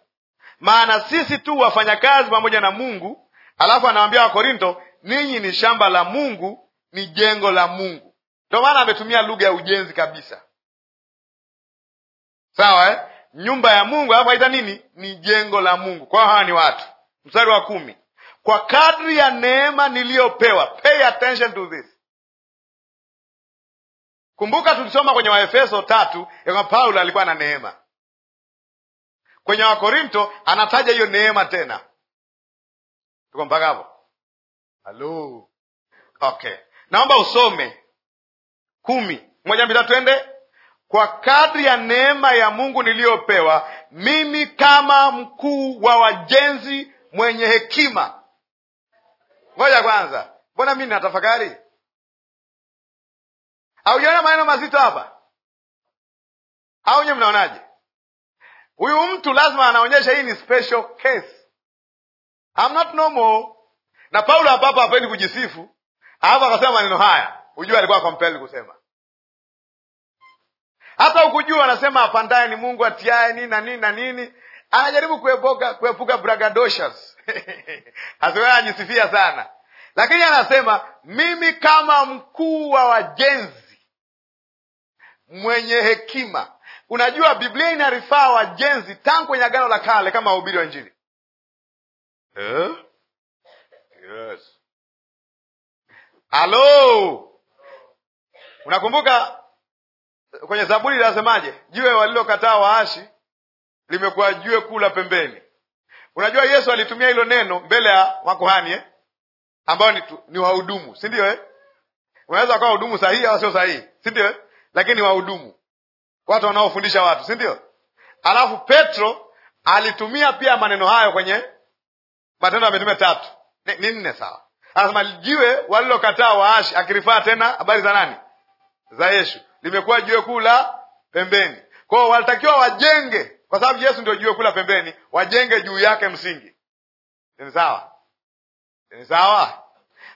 Maana sisi tu wafanyakazi pamoja na Mungu. Alafu anawaambia Wakorinto, ninyi ni shamba la Mungu, ni jengo la Mungu. Ndio maana ametumia lugha ya ujenzi kabisa, sawa eh? Nyumba ya Mungu alafu aita nini? Ni jengo la Mungu. Kwa hiyo hawa ni watu. Mstari wa kumi, kwa kadri ya neema niliyopewa. Pay attention to this. Kumbuka tulisoma kwenye Waefeso tatu ya Paulo alikuwa na neema. Kwenye Wakorinto anataja hiyo neema tena, tuko mpaka hapo? halo okay naomba usome kumi moja mbili tatu twende kwa kadri ya neema ya mungu niliyopewa mimi kama mkuu wa wajenzi mwenye hekima ngoja kwanza mbona mi natafakari haujaona maneno mazito hapa au nyewe mnaonaje huyu mtu lazima anaonyesha hii ni special case I'm not normal na Paulo ambapo hapendi kujisifu, alafu akasema maneno haya, hujua alikuwa kompeli kusema hata ukujua, anasema apandaye ni Mungu atiae nini na nini na nini. Anajaribu kuepuka kuepuka bragadoshas asiwe anajisifia sana, lakini anasema mimi kama mkuu wa wajenzi mwenye hekima. Unajua Biblia inarifaa wajenzi tangu kwenye Agano la Kale kama wahubiri wa Injili eh? Halo, unakumbuka kwenye Zaburi linasemaje? Jiwe walilokataa waashi limekuwa jiwe kula pembeni. Unajua Yesu alitumia hilo neno mbele ya makuhani eh? ambao ni, ni wahudumu si ndio eh? unaweza kuwa wahudumu sahihi au sio sahihi, si ndio eh? lakini ni wahudumu, watu wanaofundisha watu, si ndio? Alafu Petro alitumia pia maneno hayo kwenye Matendo ya Mitume tatu ni nne, sawa Anasema jiwe walilokataa waashi, akirifaa tena habari za nani? Za Yesu, limekuwa jiwe kuu la pembeni kwao. Walitakiwa wajenge, kwa sababu Yesu ndio jiwe kuu la pembeni, wajenge juu yake msingi. Ni sawa? Ni sawa?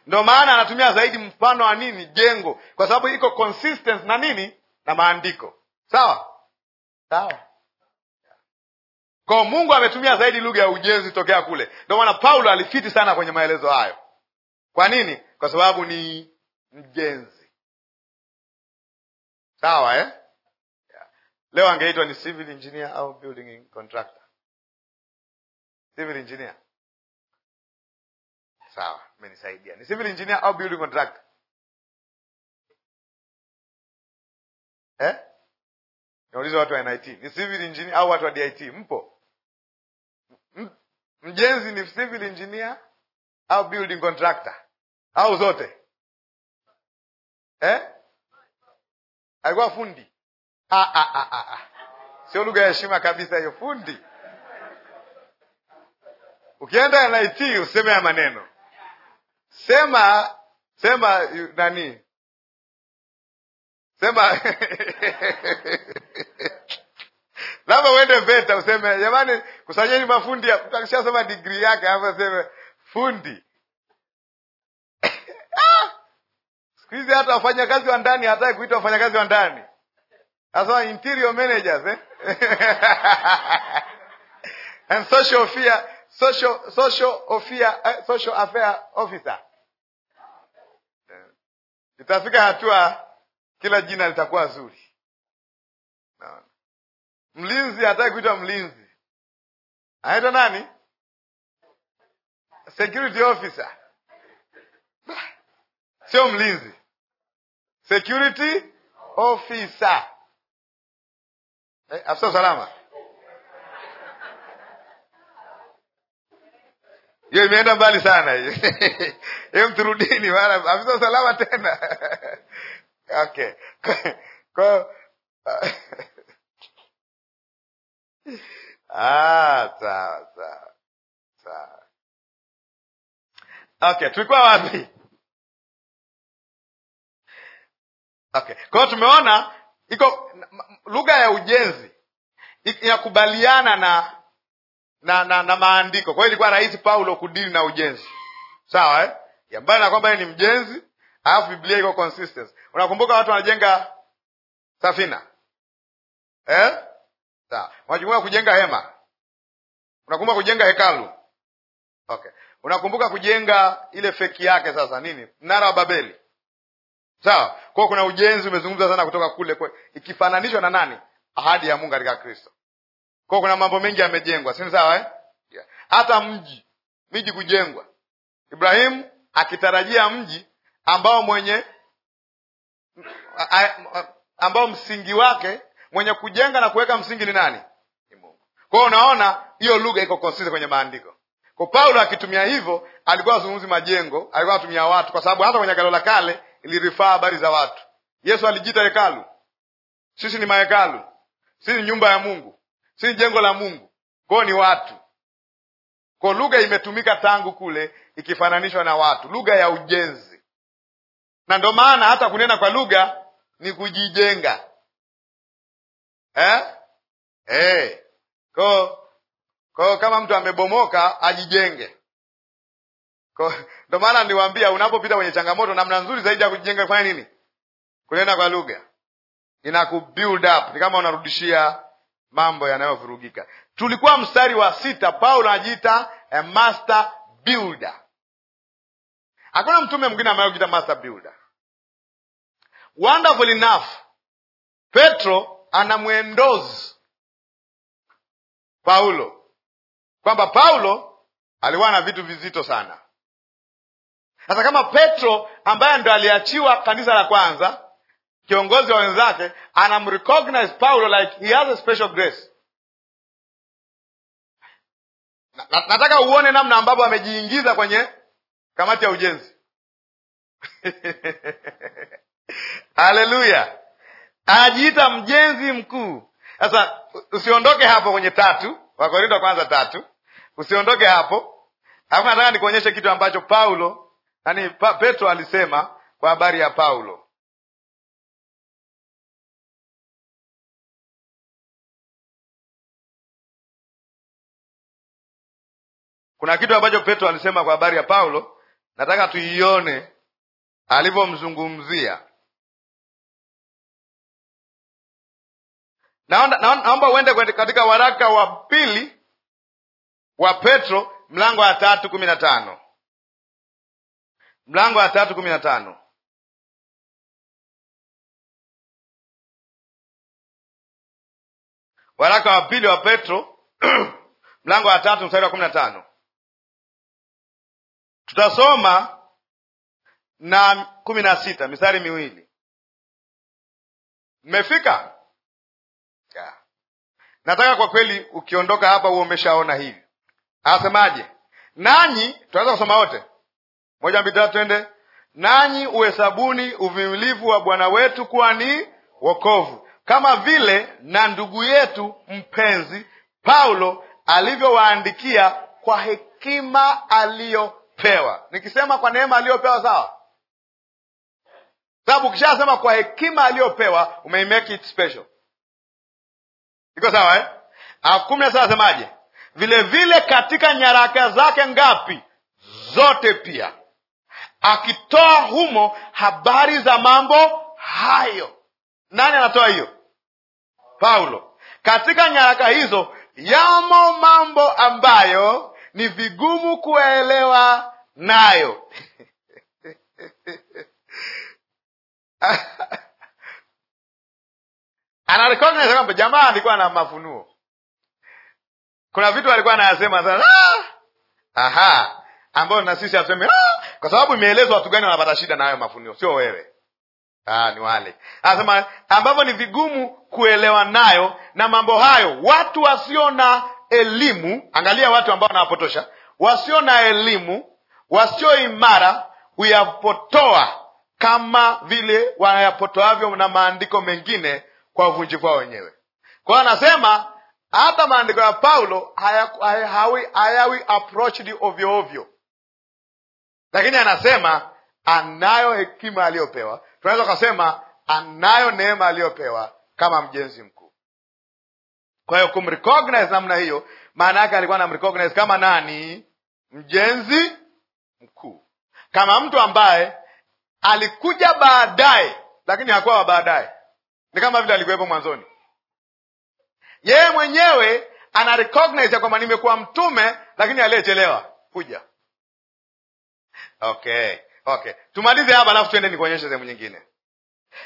Ndio maana anatumia zaidi mfano wa nini, jengo, kwa sababu iko consistent na nini na maandiko. Sawa sawa. Kwa Mungu ametumia zaidi lugha ya ujenzi tokea kule, ndio maana Paulo alifiti sana kwenye maelezo hayo. Kwa nini? Kwa sababu ni mjenzi. Sawa eh? Yeah. Leo angeitwa ni civil engineer au building contractor. Civil engineer. Sawa, amenisaidia. Ni civil engineer au building contractor? Eh? Niulize watu wa NIT. Ni civil engineer au watu wa DIT mpo? M mjenzi ni civil engineer au building contractor au zote eh? alikuwa fundi ah, ah, ah, ah. ah. Sio lugha ya heshima kabisa hiyo, fundi. Ukienda NIT useme ya maneno, sema sema nani, sema labda uende VETA useme jamani, kusajili mafundi. ya, sema digrii yake, hapo sema fundi ah! siku hizi hata wafanyakazi wa ndani hataki kuita wafanyakazi wa ndani hasa interior managers eh? and social fear, social social ofia, uh, eh, social affair officer itafika hatua kila jina litakuwa zuri no. mlinzi hataki kuitwa mlinzi anaitwa nani security officer, sio mlinzi, security officer eh, afisa usalama. Hiyo imeenda mbali sana hiyo hiyo, mturudini mara afisa usalama tena okay kwa ah, sawa sawa sawa. Okay, tulikuwa wapi? Okay, kwa hiyo tumeona iko lugha ya ujenzi inakubaliana na na, na na maandiko. Kwa hiyo ilikuwa rahisi Paulo kudili na ujenzi, sawa eh? mbali na kwamba ni mjenzi, alafu Biblia iko consistency. Unakumbuka watu wanajenga safina eh? Sawa, wanakumbuka kujenga hema, unakumbuka kujenga hekalu. Okay, Unakumbuka kujenga ile feki yake sasa nini, mnara wa Babeli, sawa? Kwao kuna ujenzi umezungumza sana kutoka kule kwe. ikifananishwa na nani? Ahadi ya Mungu katika Kristo. Kwao kuna mambo mengi yamejengwa, sini sawa eh? Yeah. Hata mji miji kujengwa, Ibrahimu akitarajia mji ambao mwenye ambao msingi wake mwenye kujenga na kuweka msingi ni nani? Ni Mungu. unaona hiyo lugha iko consistent kwenye maandiko. Kwa Paulo akitumia hivyo, alikuwa azungumzi majengo, alikuwa anatumia watu, kwa sababu hata kwenye agano la kale ilirifaa habari za watu. Yesu alijiita hekalu, sisi ni mahekalu, sisi ni nyumba ya Mungu, sisi ni jengo la Mungu, kwao ni watu. Kwa lugha imetumika tangu kule ikifananishwa na watu, lugha ya ujenzi, na ndo maana hata kunena kwa lugha ni kujijenga eh? Eh. Ko kwa hiyo kama mtu amebomoka ajijenge. Ndio maana niwaambia, unapopita kwenye changamoto, namna nzuri zaidi ya kujijenga kufanya nini? Kunena kwa lugha build up, ni kama unarudishia mambo yanayovurugika. Tulikuwa mstari wa sita. Paulo anajiita a master builder. Hakuna mtume mwingine anajiita master builder. Wonderful enough, Petro anamwendozi Paulo kwamba Paulo alikuwa na vitu vizito sana. Sasa kama Petro ambaye ndo aliachiwa kanisa la kwanza, kiongozi wa wenzake, anamrecognize Paulo like he has a special grace na, nataka uone namna ambavyo amejiingiza kwenye kamati ya ujenzi haleluya! anajiita mjenzi mkuu. Sasa usiondoke hapo kwenye tatu, Wakorintho kwanza tatu Usiondoke hapo. Alafu nataka nikuonyeshe kitu ambacho Paulo nani pa, Petro alisema kwa habari ya Paulo. Kuna kitu ambacho Petro alisema kwa habari ya Paulo, nataka tuione alivyomzungumzia. Naomba uende katika waraka wa pili wa Petro mlango wa tatu kumi na tano mlango wa tatu kumi na tano waraka wa pili wa Petro mlango wa tatu mstari wa kumi na tano tutasoma na kumi na sita mistari miwili. Mmefika? Nataka kwa kweli, ukiondoka hapa huo umeshaona hivi Anasemaje? Nanyi tunaweza kusoma wote, moja mbili tatu, twende. Nanyi uhesabuni uvimilivu wa Bwana wetu kuwa ni wokovu, kama vile na ndugu yetu mpenzi Paulo alivyowaandikia kwa hekima aliyopewa. Nikisema kwa neema aliyopewa, sawa, sababu ukishasema kwa hekima aliyopewa umeimake it special, iko sawa eh? Alafu kumi na saba asemaje? vilevile katika nyaraka zake ngapi? Zote pia akitoa humo habari za mambo hayo. Nani anatoa hiyo? Paulo. Katika nyaraka hizo yamo mambo ambayo ni vigumu kuelewa nayo anarekodi kwamba jamaa alikuwa na mafunuo kuna vitu alikuwa anayasema sana ah! aha, ambayo na sisi hatuseme ah! kwa sababu imeelezwa watu gani wanapata shida na hayo mafunio, sio wewe. Ah, ni wale anasema ambavyo ni vigumu kuelewa nayo na mambo hayo, watu wasio na elimu. Angalia watu ambao wanawapotosha, wasio na elimu, wasio imara huyapotoa kama vile wanayapotoavyo na maandiko mengine kwa uvunjifu wao wenyewe. Kwa hiyo anasema hata maandiko ya Paulo hayawi, hayawi approached ovyo ovyo, lakini anasema anayo hekima aliyopewa. Tunaweza ukasema anayo neema aliyopewa kama mjenzi mkuu. Kwa hiyo kumrecognize namna hiyo, maana yake alikuwa anamrecognize kama nani? Mjenzi mkuu, kama mtu ambaye alikuja baadaye, lakini hakuwa wa baadaye, ni kama vile alikuwepo mwanzoni yeye mwenyewe ana recognize ya kwamba nimekuwa mtume, lakini aliyechelewa kuja. Okay, okay, tumalize hapa alafu tuende nikuonyeshe sehemu nyingine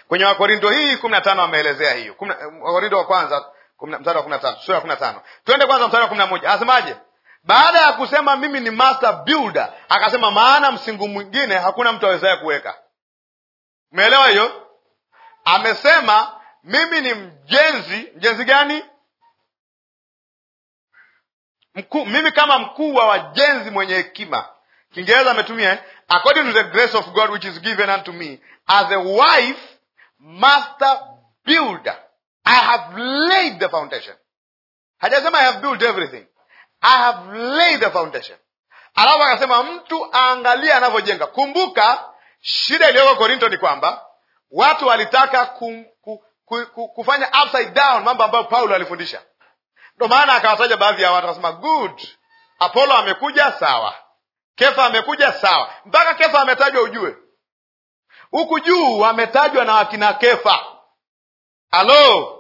kwenye Wakorinto hii kumi na tano ameelezea hiyo. Eh, Wakorinto wa kwanza mstari wa kumi na tatu sura ya kumi na tano tuende kwanza mstari wa kumi na moja anasemaje? Baada ya kusema mimi ni master builder, akasema maana msingu mwingine hakuna mtu awezaye kuweka. Umeelewa hiyo? Amesema mimi ni mjenzi. Mjenzi gani? mkuu, mimi kama mkuu wa wajenzi mwenye hekima. Kiingereza ametumia eh? according to the grace of God which is given unto me as a wife master builder I have laid the foundation. Hajasema I have built everything, I have laid the foundation. Alafu akasema mtu aangalie anavyojenga. Kumbuka shida iliyoko Korinto ni kwamba watu walitaka kum, ku, ku, ku, kufanya upside down mambo ambayo Paulo alifundisha Ndo maana akawataja baadhi ya watu akasema, good, Apollo amekuja sawa, Kefa amekuja sawa, mpaka Kefa ametajwa ujue. Huku juu wametajwa na wakina Kefa. Halo,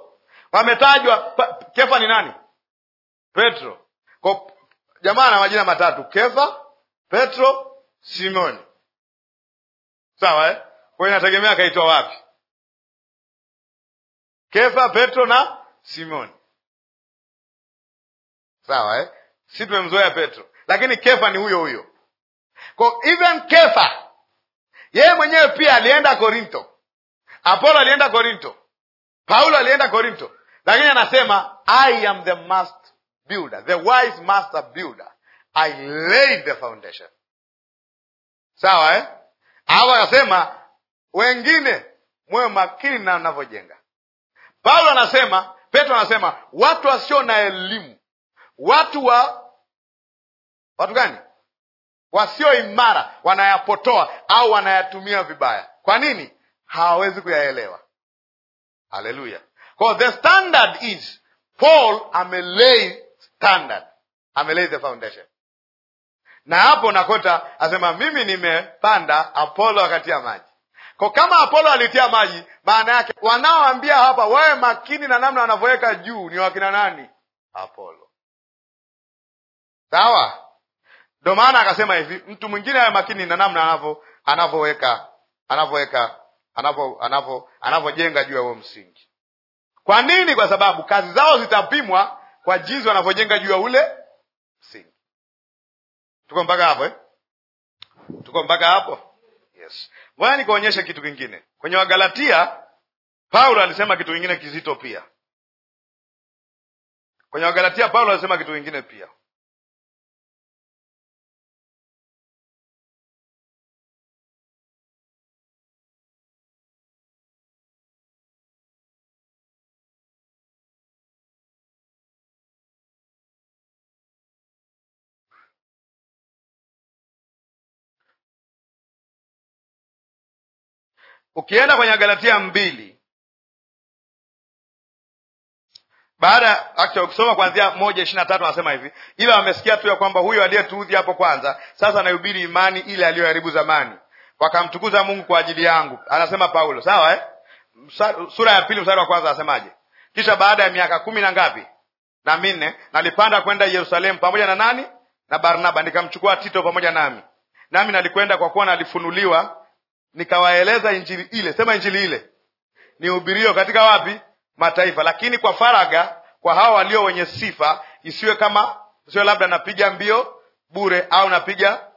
wametajwa Kefa ni nani? Petro. ko jamaa na majina matatu, Kefa, Petro, Simoni. Sawa eh? Kwa inategemea akaitwa wapi? Kefa, Petro na Simoni sawa eh? si tumemzoea Petro, lakini Kefa ni huyo huyo. ko even Kefa yeye mwenyewe pia alienda Korinto, Apolo alienda Korinto, Paulo alienda Korinto, lakini anasema I am the master builder, the wise master builder, I laid the foundation. Sawa eh? Hapo akasema wengine mwewe makini na navyojenga. Paulo anasema, Petro anasema, watu wasio na elimu watu wa watu gani wasio imara wanayapotoa au wanayatumia vibaya. Kwa nini? Hawawezi kuyaelewa. Haleluya! Kwa the standard is Paul amelei standard, amelei the foundation. Na hapo nakota asema mimi nimepanda, Apolo akatia maji. Kwa kama Apolo alitia maji, maana yake wanaoambia hapa wawe makini na namna wanavyoweka juu ni wakina nani? Apolo sawa. Ndio maana akasema hivi, mtu mwingine awe makini na namna anavyo anavyoweka anavyoweka anavyo anavyo anavyojenga juu ya huo msingi. Kwa nini? Kwa sababu kazi zao zitapimwa kwa jinsi wanavyojenga juu ya ule msingi. Tuko mpaka hapo eh? Tuko mpaka hapo? Yes. Bwana nikuonyeshe kitu kingine. Kwenye Wagalatia Paulo alisema kitu kingine kizito pia. Kwenye Wagalatia Paulo alisema kitu kingine pia. ukienda kwenye galatia mbili baada actually ukisoma kuanzia moja ishirini na tatu anasema hivi ila wamesikia tu ya kwamba huyo aliyetuudhi hapo kwanza sasa anahubiri imani ile aliyoharibu zamani wakamtukuza mungu kwa ajili yangu anasema paulo sawa eh? sura ya pili mstari wa kwanza anasemaje kisha baada ya miaka kumi na ngapi na minne nalipanda kwenda yerusalemu pamoja na nani na barnaba nikamchukua tito pamoja nami nami nalikwenda kwa kuwa nalifunuliwa nikawaeleza injili ile, sema injili ile nihubirio katika wapi? Mataifa, lakini kwa faraga kwa hawa walio wenye sifa, isiwe kama sio labda napiga mbio bure au napiga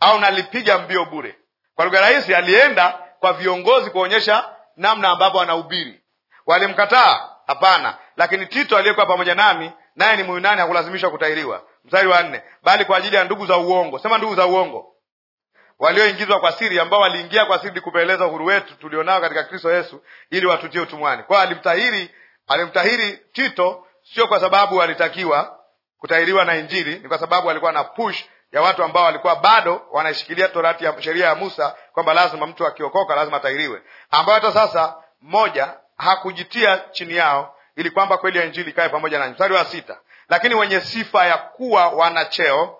au nalipiga mbio bure. Kwa lugha rahisi, alienda kwa viongozi kuonyesha namna ambavyo anahubiri. Walimkataa? Hapana. Lakini Tito aliyekuwa pamoja nami, naye ni Myunani, hakulazimishwa kutahiriwa. Mstari wa nne, bali kwa ajili ya ndugu za uongo, sema ndugu za uongo walioingizwa kwa siri, ambao waliingia kwa siri kupeleleza uhuru wetu tulionao katika Kristo Yesu ili watutie utumwani. Kwa alimtahiri, alimtahiri Tito sio kwa sababu alitakiwa kutahiriwa na Injili, ni kwa sababu alikuwa na push ya watu ambao walikuwa bado wanaishikilia torati ya sheria ya Musa kwamba lazima mtu akiokoka lazima atahiriwe, ambao hata sasa moja hakujitia chini yao ili kwamba kweli ya injili ikae pamoja nanyi. Mstari wa sita, lakini wenye sifa ya kuwa wanacheo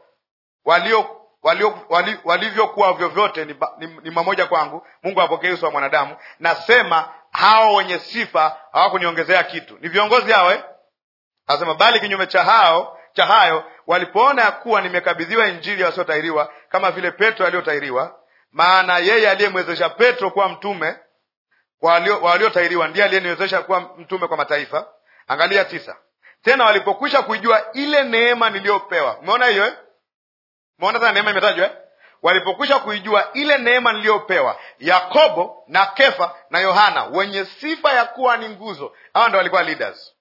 walio walivyokuwa wali, wali vyovyote ni, ni, ni mamoja kwangu, Mungu apokee uso wa mwanadamu. Nasema hao wenye sifa hawakuniongezea kitu, ni viongozi hawe, eh? bali kinyume cha hao cha hayo, walipoona ya kuwa nimekabidhiwa injili ya wasiotahiriwa kama vile Petro aliyotahiriwa, maana yeye aliyemwezesha Petro kuwa mtume waliotahiriwa ndiye aliyeniwezesha kuwa mtume kwa mataifa. Angalia tisa. Tena walipokwisha kuijua ile neema niliyopewa, umeona hiyo eh? Umeona sana neema imetajwa eh? Walipokwisha kuijua ile neema niliyopewa, Yakobo na Kefa na Yohana wenye sifa ya kuwa ni nguzo, hawa ndo walikuwa leaders,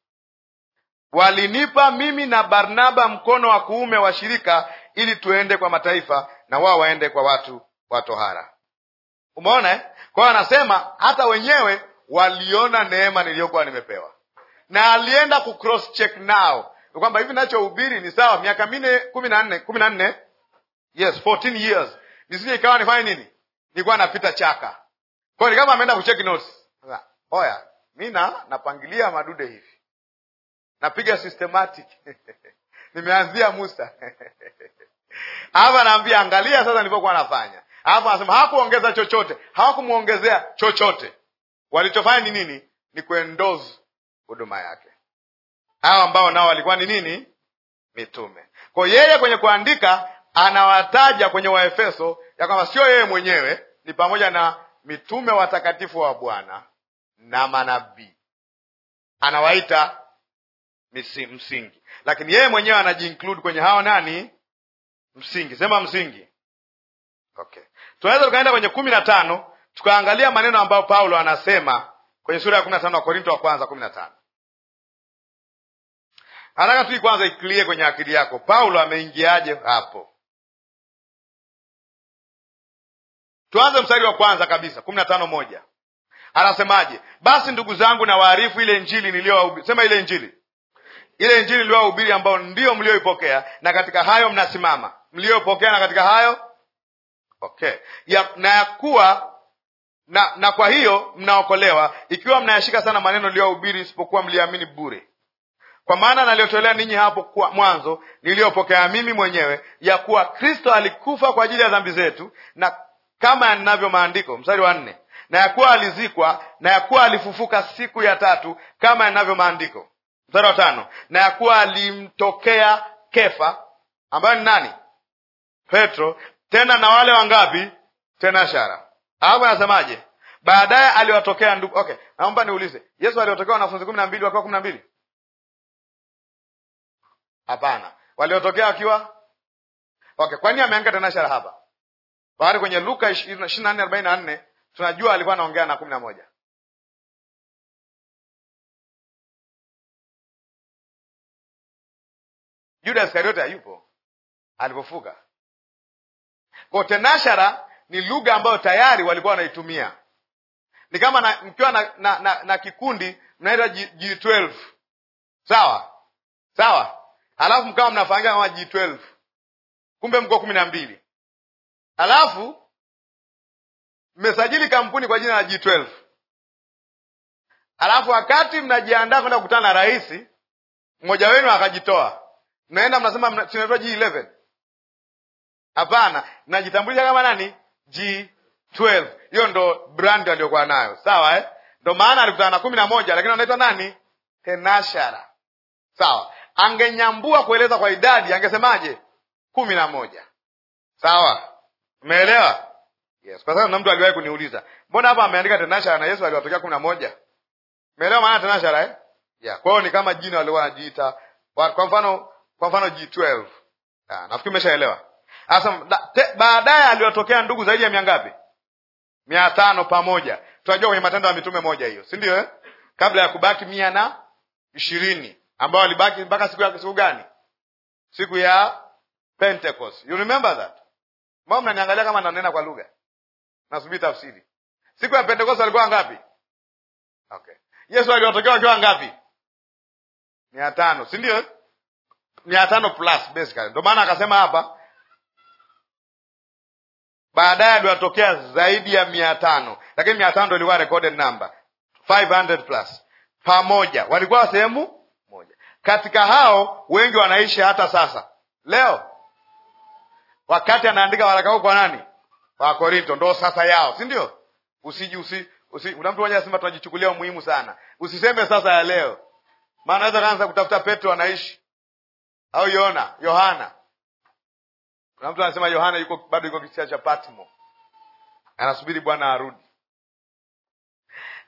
walinipa mimi na Barnaba mkono wa kuume wa shirika, ili tuende kwa mataifa na wao waende kwa watu wa tohara. Umeona eh? Kwa hiyo anasema hata wenyewe waliona neema niliyokuwa nimepewa, na alienda ku cross check nao kwamba hivi nachohubiri ni sawa. Miaka minne kumi na nne kumi na nne yes 14 years, nisije ikawa nifanye nini, nilikuwa napita chaka. Kwa ni kama ameenda kucheki notes, oya, mimi na napangilia madude hivi, napiga systematic nimeanzia Musa hapa naambia, angalia sasa nilivyokuwa nafanya. Alafu anasema hawakuongeza chochote, hawakumwongezea chochote. Walichofanya ni nini? Ni kuendozi huduma yake. Hawa ambao nao walikuwa ni nini? Mitume. Kwa yeye kwenye kuandika anawataja kwenye Waefeso ya kwamba sio yeye mwenyewe, ni pamoja na mitume watakatifu wa Bwana na manabii, anawaita msingi, lakini yeye mwenyewe anajiinclude kwenye hao nani msingi. Sema msingi, okay. Tunaweza tukaenda kwenye kumi na tano tukaangalia maneno ambayo Paulo anasema kwenye sura ya kumi na tano Wakorinto wa kwanza kumi na tano Haraka tu kwanza ikilie kwenye akili yako, Paulo ameingiaje hapo? Tuanze mstari wa kwanza kabisa, kumi na tano moja anasemaje? Basi ndugu zangu, na waarifu ile njili niliyowahubiri. Sema ile njili, ile njili niliyowahubiri, ambayo ndiyo mliyoipokea na katika hayo mnasimama, mliyopokea na katika hayo okay. ya, na ya kuwa na, na kwa hiyo mnaokolewa ikiwa mnayashika sana maneno niliyohubiri, isipokuwa mliamini bure. Kwa maana naliyotolea ninyi hapo kwa mwanzo, niliyopokea mimi mwenyewe, ya kuwa Kristo alikufa kwa ajili ya dhambi zetu, na kama yanavyo maandiko. Mstari wa nne, na yakuwa alizikwa na yakuwa alifufuka siku ya tatu kama yanavyo maandiko. Mstari wa tano, na yakuwa alimtokea Kefa ambayo ni nani? Petro. Tena na wale wangapi? Tena shara hapo, anasemaje? Baadaye aliwatokea ndugu. Okay, naomba niulize, Yesu aliwatokea wanafunzi kumi na mbili wakiwa kumi na mbili? Hapana, waliotokea wakiwa okay. Kwani ameandika tena shara hapa? Baada kwenye Luka ishirini na nne arobaini na nne tunajua alikuwa anaongea na kumi na moja Juda Iskariote hayupo alipofuka. Kwa tenashara ni lugha ambayo tayari walikuwa wanaitumia, ni kama na, mkiwa na, na, na, na kikundi mnaitwa G12 sawa sawa, halafu mkawa mnafanyika kama G12, kumbe mko kumi na mbili alafu mmesajili kampuni kwa jina la G12, alafu wakati mnajiandaa kwenda kukutana na rais, mmoja wenu akajitoa, mnaenda mnasema tunaitwa G11. Hapana, mnajitambulisha kama nani? G12. Hiyo ndo brand aliyokuwa nayo, sawa eh? Ndo maana alikutana na kumi na moja, lakini anaitwa nani? Tenashara, sawa. Angenyambua kueleza kwa idadi, angesemaje? kumi na moja, sawa umeelewa Yes. Kwa sababu na mtu aliwahi kuniuliza, mbona hapa ameandika tenashara na Yesu aliwatokea kumi na moja? umeelewa maana tenashara eh? Yeah. Kwa hiyo ni kama jina walikuwa wanajiita. Kwa mfano, kwa mfano G12. Ah, nafikiri umeshaelewa. Sasa baadaye aliwatokea ndugu zaidi ya mia ngapi? Mia tano pamoja. Tunajua kwenye Matendo ya Mitume moja hiyo, si ndio eh? Kabla ya kubaki mia na ishirini ambao walibaki mpaka siku ya siku gani? Siku ya Pentecost. You remember that? Mbona mnaniangalia kama nanena kwa lugha? Nasubiri tafsiri. Siku ya Pentekoste alikuwa ngapi? Okay. Yesu aliwatokea wakiwa ngapi? mia tano, si ndio? mia tano plus basically. Ndio maana akasema hapa baadaye aliwatokea zaidi ya mia tano, lakini mia tano ndio ilikuwa recorded number 500 plus pamoja walikuwa sehemu moja. Katika hao wengi wanaishi hata sasa leo wakati anaandika waraka huu kwa nani? Kwa Korinto, ndo sasa yao, si ndio? Usiji usi, usi, una mtu mmoja anasema tunajichukulia muhimu sana. Usiseme sasa ya leo, maana naweza kaanza kutafuta Petro anaishi au Yona, Yohana. Kuna mtu anasema Yohana yuko bado yuko kisia cha Patmo, anasubiri Bwana arudi.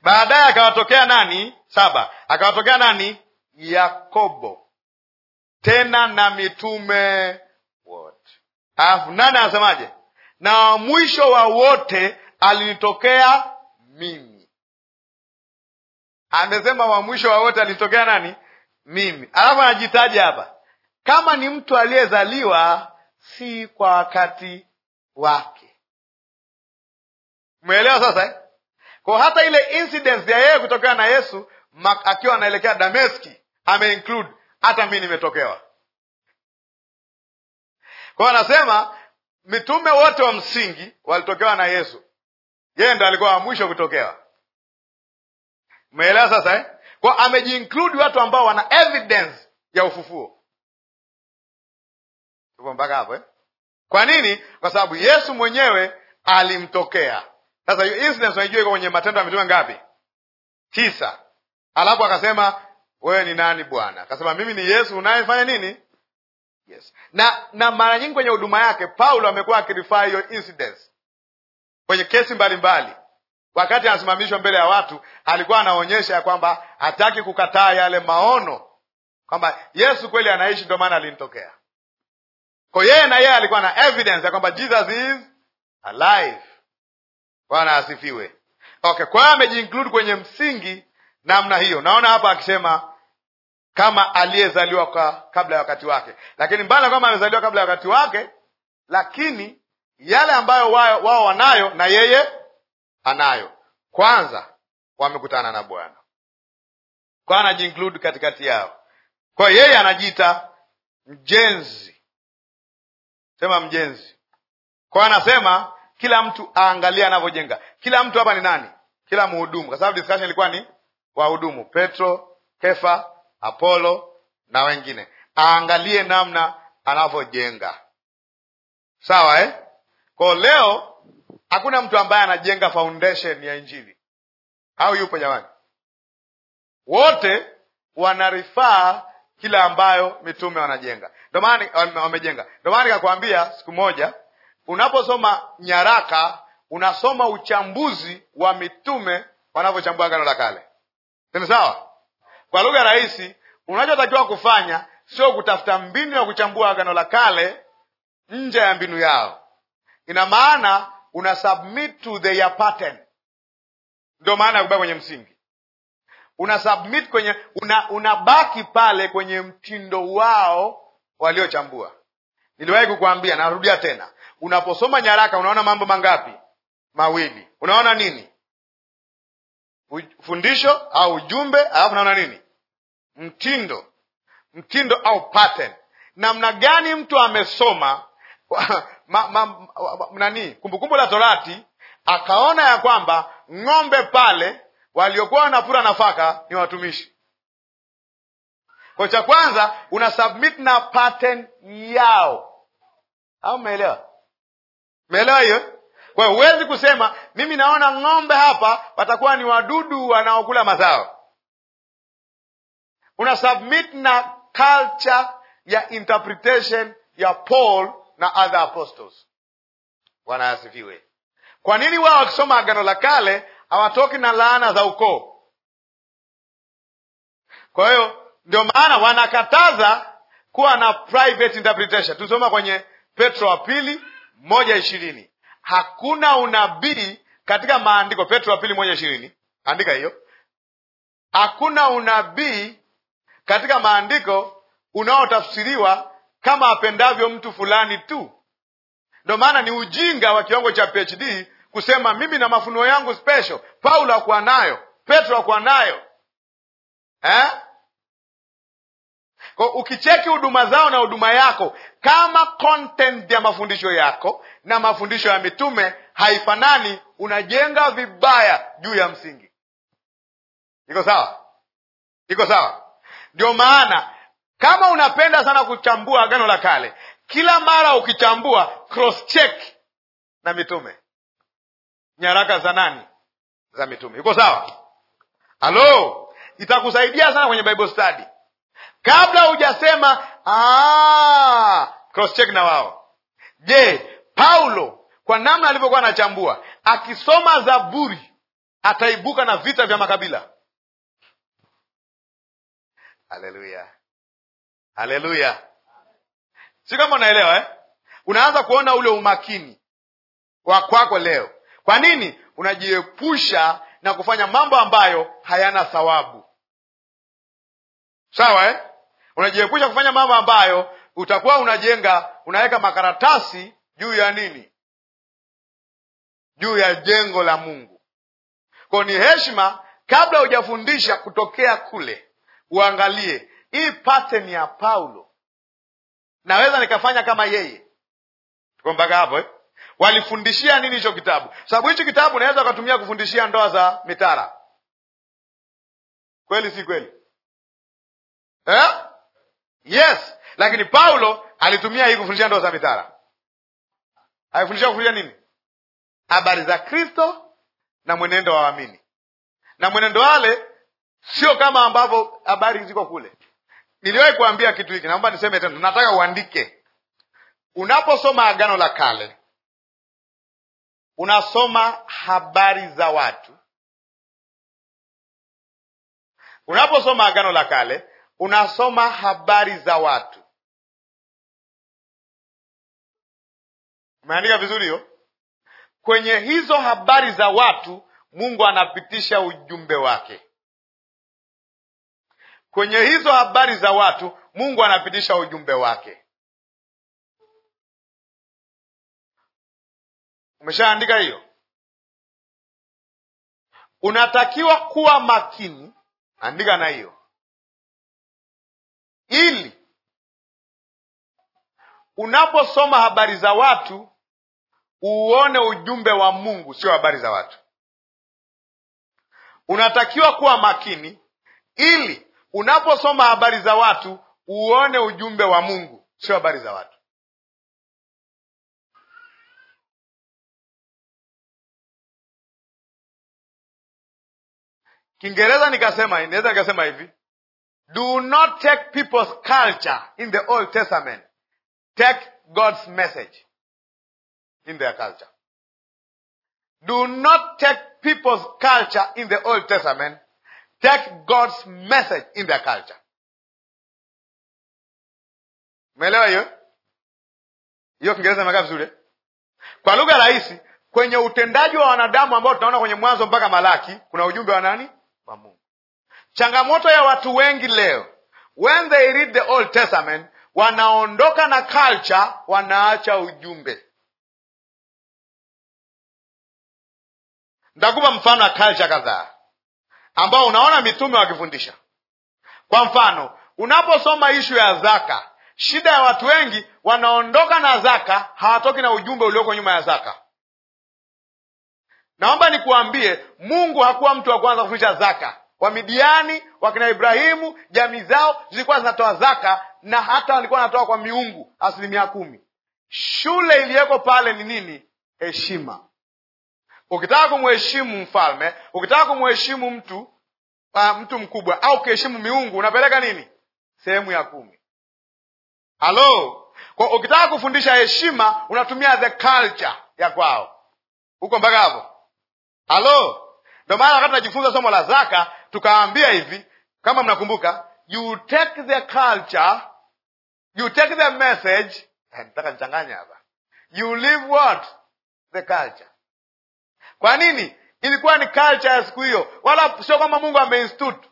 Baadaye akawatokea nani? Saba, akawatokea nani? Yakobo, tena na mitume alafu nane anasemaje? Na mwisho wa wote alinitokea mimi. Amesema wa mwisho wa wote alinitokea nani? Mimi. Alafu anajitaja hapa kama ni mtu aliyezaliwa si kwa wakati wake. Umeelewa sasa eh? Kwa hata ile incidence ya yeye kutokewa na Yesu akiwa anaelekea Dameski include hata mimi nimetokewa kwa anasema mitume wote wa msingi walitokewa na Yesu, yeye ndo alikuwa wa mwisho kutokewa. Umeelewa sasa eh? Kwa amejiinclude watu ambao wana evidence ya ufufuo. Tupo mpaka hapo eh? Kwa nini? Kwa sababu Yesu mwenyewe alimtokea. Sasa hiyo instance unaijua iko kwenye Matendo ya Mitume ngapi? Tisa. Alafu akasema wewe ni nani Bwana? Akasema mimi ni Yesu unayefanya nini? Yes. Na na mara nyingi kwenye huduma yake Paulo amekuwa akirifaa hiyo incidents kwenye kesi mbalimbali mbali. Wakati anasimamishwa mbele ya watu alikuwa anaonyesha ya kwamba hataki kukataa yale maono kwamba Yesu kweli anaishi, ndio maana alinitokea kwa yeye, na yeye alikuwa na evidence ya kwamba Jesus is alive. Bwana asifiwe. Okay, kwa hiyo amejiinclude kwenye msingi namna hiyo. Naona hapa akisema kama aliyezaliwa kabla ya wakati wake, lakini mbali na kwamba amezaliwa kabla ya wakati wake, lakini yale ambayo wao wa wanayo na yeye anayo. Kwanza wamekutana na Bwana, kwa anajiinclude katikati yao. Kwa hiyo yeye anajiita mjenzi, sema mjenzi. Kwa hiyo anasema kila mtu aangalie anavyojenga. Kila mtu hapa ni nani? Kila mhudumu, kwa sababu discussion ilikuwa ni wahudumu, Petro, Kefa Apolo na wengine, aangalie namna anavyojenga. Sawa eh? Kwa leo hakuna mtu ambaye anajenga foundation ya Injili au yupo jamani? Wote wanarifaa kila ambayo mitume wanajenga, ndio maana wamejenga. Ndio maana nikakwambia siku moja, unaposoma nyaraka unasoma uchambuzi wa mitume wanavyochambua Agano la Kale, sini sawa? Kwa lugha rahisi, unachotakiwa kufanya sio kutafuta mbinu ya kuchambua agano la kale nje ya mbinu yao. Ina maana una submit to their pattern. Ndio maana ya kubaki kwenye msingi, una submit kwenye una, unabaki pale kwenye mtindo wao waliochambua. Niliwahi kukuambia, narudia tena, unaposoma nyaraka unaona mambo mangapi? Mawili. Unaona nini? fundisho au ujumbe, alafu naona nini? Mtindo, mtindo au pattern, namna gani mtu amesoma ma, ma, nani Kumbukumbu la Torati, akaona ya kwamba ng'ombe pale waliokuwa wanapura nafaka ni watumishi. Kwa cha kwanza una submit na pattern yao, au umeelewa? Umeelewa hiyo? Kwa hiyo huwezi kusema mimi naona ng'ombe hapa watakuwa ni wadudu wanaokula mazao. Una submit na culture ya interpretation ya Paul na other apostles. Bwana asifiwe. Kwa nini wao wakisoma Agano la Kale hawatoki na laana za ukoo? Kwa hiyo ndio maana wanakataza kuwa na private interpretation. Tusoma kwenye Petro wa pili moja ishirini hakuna unabii katika maandiko. Petro wa pili moja ishirini, andika hiyo. Hakuna unabii katika maandiko unaotafsiriwa kama apendavyo mtu fulani tu. Ndo maana ni ujinga wa kiwango cha PhD kusema mimi na mafunuo yangu special. Paulo akuwa nayo, Petro akuwa nayo eh? Kwa ukicheki huduma zao na huduma yako, kama content ya mafundisho yako na mafundisho ya mitume haifanani, unajenga vibaya juu ya msingi. Iko sawa? Iko sawa? Ndio maana kama unapenda sana kuchambua Agano la Kale, kila mara ukichambua cross check na mitume, nyaraka za nani? Za mitume. Iko sawa? Halo, itakusaidia sana kwenye Bible study kabla hujasema cross check na wao. Je, Paulo kwa namna alivyokuwa anachambua akisoma Zaburi ataibuka na vita vya makabila. Haleluya, haleluya! Si kama unaelewa eh? Unaanza kuona ule umakini wa kwako leo. Kwa nini unajiepusha na kufanya mambo ambayo hayana thawabu? Sawa eh? unajiepusha kufanya mambo ambayo utakuwa unajenga, unaweka makaratasi juu ya nini? Juu ya jengo la Mungu. Kwa ni heshima, kabla hujafundisha kutokea kule, uangalie hii pattern ya Paulo, naweza nikafanya kama yeye. Tuko mpaka hapo eh? Walifundishia nini hicho kitabu? Sababu hicho kitabu unaweza ukatumia kufundishia ndoa za mitara, kweli si kweli eh? yes lakini Paulo alitumia hii kufundisha ndoa za mitara. alifundisha kufundisha nini? Habari za Kristo na mwenendo wa waamini, na mwenendo wale sio kama ambavyo habari ziko kule. Niliwahi kuambia kitu hiki, naomba niseme tena, nataka uandike. Unaposoma Agano la Kale unasoma habari za watu. Unaposoma Agano la Kale unasoma habari za watu. Umeandika vizuri hiyo? Kwenye hizo habari za watu Mungu anapitisha ujumbe wake. Kwenye hizo habari za watu Mungu anapitisha ujumbe wake. Umeshaandika hiyo? Unatakiwa kuwa makini, andika na hiyo ili unaposoma habari za watu uone ujumbe wa Mungu, sio habari za watu. Unatakiwa kuwa makini ili unaposoma habari za watu uone ujumbe wa Mungu, sio habari za watu. Kiingereza nikasema, inaweza nikasema hivi Do not take people's culture in the Old Testament. Take God's message in their culture. Do not take people's culture in the Old Testament. Take God's message in their culture. Umeelewa hiyo? Hiyo kingereza imekaa vizuri. Eh? Kwa lugha rahisi, kwenye utendaji wa wanadamu ambao tunaona kwenye Mwanzo mpaka Malaki, kuna ujumbe wa nani? Wa Mungu. Changamoto ya watu wengi leo, when they read the Old Testament, wanaondoka na culture, wanaacha ujumbe. Ndakupa mfano wa culture kadhaa ambao unaona mitume wakifundisha. Kwa mfano, unaposoma ishu ya zaka, shida ya watu wengi wanaondoka na zaka, hawatoki na ujumbe ulioko nyuma ya zaka. Naomba nikuambie, Mungu hakuwa mtu wa kwanza kufundisha zaka Wamidiani, wakina Ibrahimu, jamii zao zilikuwa zinatoa zaka na hata walikuwa wanatoa kwa miungu asilimia kumi. Shule iliyoko pale ni nini? Heshima. Ukitaka kumheshimu mfalme, ukitaka kumheshimu mtu a, ah, mtu mkubwa au kuheshimu miungu, unapeleka nini? Sehemu ya kumi. Halo, kwa ukitaka kufundisha heshima unatumia the culture ya kwao huko mpaka hapo. Halo, ndio maana wakati najifunza somo la zaka tukaambia hivi kama mnakumbuka you take the culture you take the message eh, nataka hapa you what the culture kwa nini ilikuwa ni culture ya siku hiyo wala sio kwamba mungu ameinstitute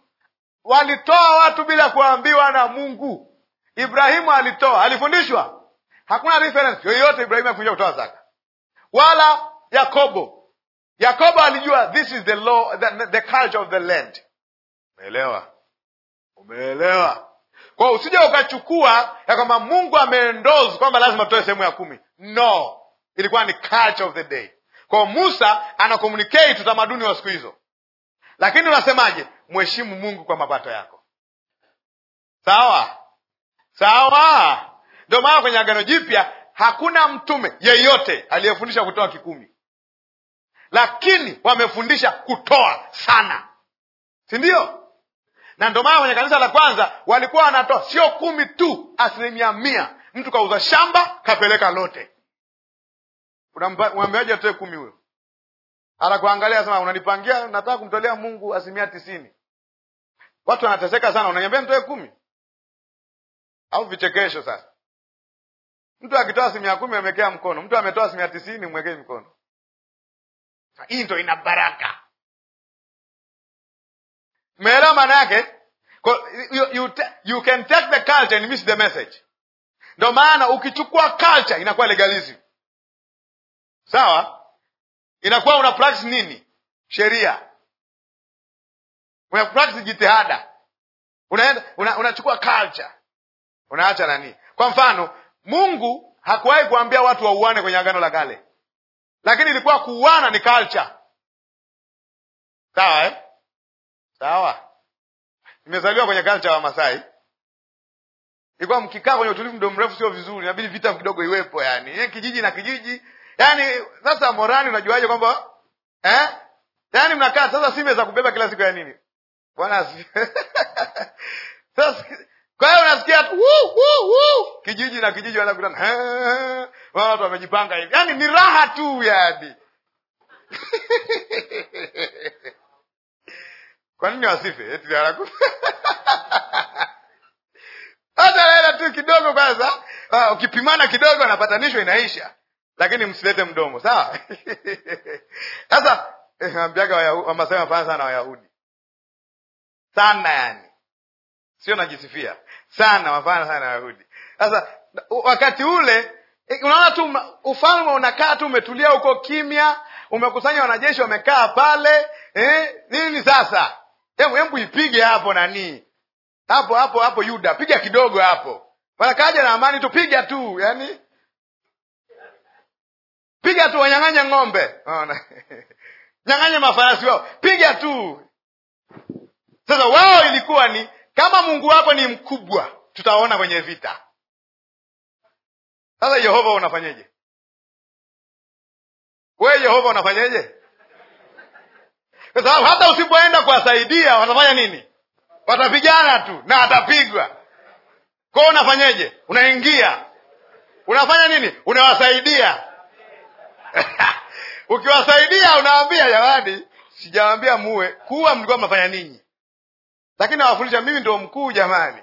walitoa watu bila kuambiwa na mungu ibrahimu alitoa alifundishwa hakuna reference yoyote ibrahimu alifundisha kutoa zaka wala yakobo yakobo alijua this is the law, the, the culture of the land Umeelewa? Umeelewa? kwao usije ukachukua ya kwamba Mungu ameendozi kwamba lazima tutoe sehemu ya kumi. No, ilikuwa ni culture of the day. Kwa Musa ana communicate utamaduni wa siku hizo, lakini unasemaje? Mheshimu Mungu kwa mapato yako. Sawa sawa. Ndio maana kwenye Agano Jipya hakuna mtume yeyote aliyefundisha kutoa kikumi, lakini wamefundisha kutoa sana, si na ndio maana kwenye kanisa la kwanza walikuwa wanatoa sio kumi tu, asilimia mia. Mtu kauza shamba kapeleka lote, unamwambiaje atoe kumi? Huyo anakuangalia sema, unanipangia nataka kumtolea Mungu asilimia tisini. Watu wanateseka sana, unaniambia nitoe kumi? Au vichekesho sasa. Mtu akitoa asilimia kumi amekea mkono, mtu ametoa asilimia tisini mwekee mkono. Hii ndo ina baraka Umeelewa maana yake? You, you, you can take the culture and miss the message. Ndo maana ukichukua culture inakuwa legalism, sawa? Inakuwa una practice nini? Sheria, una practice jitihada, unaenda unachukua una culture, unaacha nani. Kwa mfano, Mungu hakuwahi kuambia watu wauane kwenye agano la kale, lakini ilikuwa kuuana ni culture, sawa eh? Sawa, nimezaliwa kwenye kalcha ya Wamasai, ilikuwa mkikaa kwenye utulivu muda mrefu sio vizuri, inabidi vita kidogo iwepo, yani ye kijiji na kijiji. Yani sasa morani, unajuaje kwamba eh? Yani mnakaa sasa, si meza kubeba kila siku ya nini bwana asifiwe. Sasa kwa hiyo unasikia tu kijiji na kijiji wanakutana, watu wamejipanga hivi, yani ni raha tu yani Kwa nini wasife? Eti wanakufa hata laela tu kidogo kwanza. Uh, ukipimana kidogo anapatanishwa inaisha, lakini msilete mdomo, sawa? Sasa eh, ambiaga Wamasai wanafanya sana Wayahudi sana, yani sio najisifia sana, wafana sana Wayahudi. Sasa wakati ule eh, unaona tu ufalme unakaa tu umetulia huko kimya, umekusanya wanajeshi wamekaa pale eh, nini sasa Hebu ipige hapo nani, hapo hapo hapo, Yuda, piga kidogo hapo, maana kaja na amani tupiga tu, yani piga tu, wanyang'anye ng'ombe nyang'anye mafarasi wao, piga tu. Sasa wao ilikuwa ni kama Mungu wako ni mkubwa, tutaona kwenye vita. Sasa Yehova unafanyeje? We Yehova unafanyeje? kwa sababu hata usipoenda kuwasaidia watafanya nini? Watapigana tu na atapigwa kwao. Unafanyeje? Unaingia, unafanya nini? Unawasaidia. Ukiwasaidia unaambia jamani, sijawaambia muwe kuwa, mlikuwa mnafanya ninyi, lakini nawafundisha mimi ndio mkuu jamani.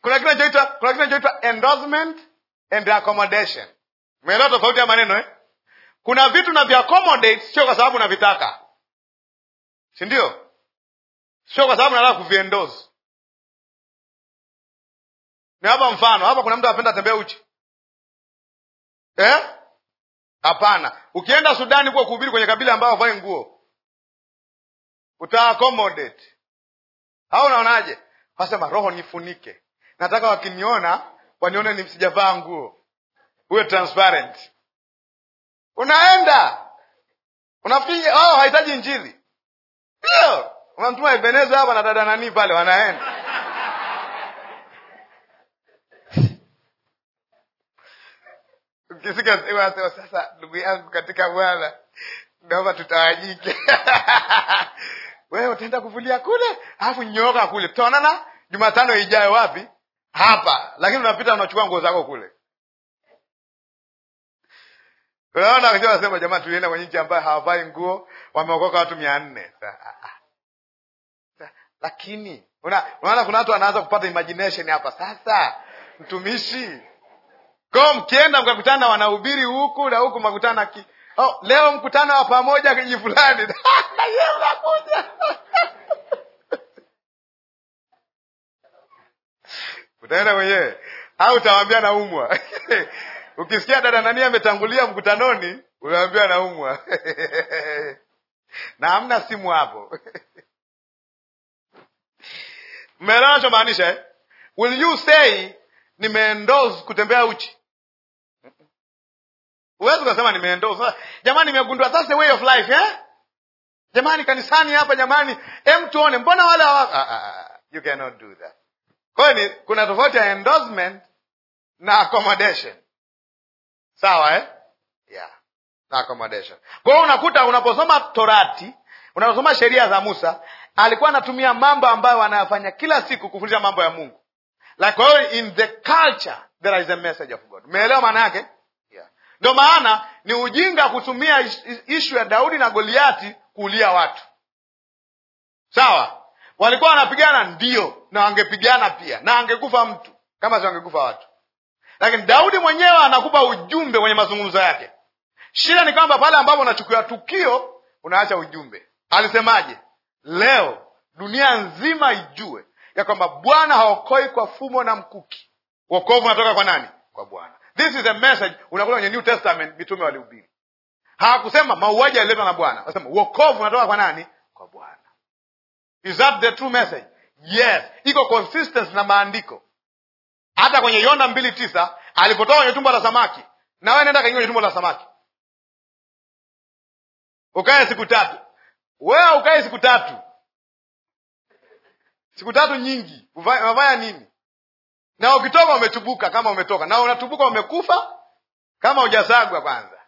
Kuna kitu kinachoitwa endorsement and accommodation Umeelewa tofauti ya maneno eh? Kuna vitu na viaccommodate sio kwa sababu navitaka, si ndio? Sio kwa sababu nataka kuviendozi. Ni hapa mfano hapa, kuna mtu anapenda tembea uchi eh? Hapana, ukienda Sudani kuwa kuhubiri kwenye kabila ambayo avai nguo utaakomodate au unaonaje? Wasema roho nifunike, nataka wakiniona wanione ni msijavaa nguo uwe transparent. Unaenda unapiga wao, oh, hahitaji Injili, ndio unamtuma Ebeneza hapa na dada nanii pale, wanaenda Ukisikia eh, sasa, ndugu yangu katika Bwana, naomba tutawajike. Wewe utaenda kuvulia kule, alafu nyoka kule. Tutaonana Jumatano ijayo. Wapi? Hapa. Lakini unapita unachukua nguo zako kule. Unaona, akija anasema jamaa, tulienda kwenye nchi ambayo hawavai nguo, wameokoka watu mia nne. Ah, ah. Lakini unaona, kuna watu wanaanza kupata imagination hapa sasa, mtumishi ko, mkienda mkakutana wanahubiri huku na huku, mkakutana ki... oh, leo mkutano wa pamoja kiji fulani nakuja utaenda mwenyewe au utawaambia naumwa Ukisikia dada nani ametangulia mkutanoni, unaambiwa naumwa na hamna simu hapo mmeelewa nachomaanisha eh? Will you say nimeendoze kutembea uchi? Huwezi ukasema nimeendoze. Jamani, nimegundua that's the way of life eh? Jamani, kanisani hapa jamani, em, tuone mbona wale hawa ah ah, ah, ah, you cannot do that. Kwa hiyo kuna tofauti ya endorsement na accommodation sawa eh? yeah. na accommodation. Kwa hiyo unakuta unaposoma Torati, unaposoma sheria za Musa, alikuwa anatumia mambo ambayo anayafanya kila siku kufundisha mambo ya Mungu. Like, kwa hiyo in the culture there is a message of God. Umeelewa maana yake? yeah. maana ni ujinga kutumia ishu ya Daudi na Goliati kuulia watu, sawa. Walikuwa wanapigana ndio, na wangepigana pia, na angekufa mtu kama si wangekufa watu lakini Daudi mwenyewe anakupa ujumbe kwenye mazungumzo yake. Shida ni kwamba pale ambapo unachukua tukio unaacha ujumbe. Alisemaje? Leo dunia nzima ijue ya kwamba Bwana haokoi kwa fumo na mkuki. Wokovu unatoka kwa nani? Kwa Bwana. This is a message unakuta kwenye New Testament, mitume walihubiri. Hawakusema mauaji yaliletwa na Bwana, wasema wokovu unatoka kwa nani? Kwa Bwana. Is that the true message? Yes, iko consistent na maandiko hata kwenye Yona mbili tisa alipotoka kwenye tumbo la samaki, na wewe nenda kaingia kwenye tumbo la samaki ukae siku tatu, wewe ukae siku tatu, siku tatu nyingi, unafanya nini? Na ukitoka umetubuka, kama umetoka na unatubuka, umekufa kama hujasagwa kwanza.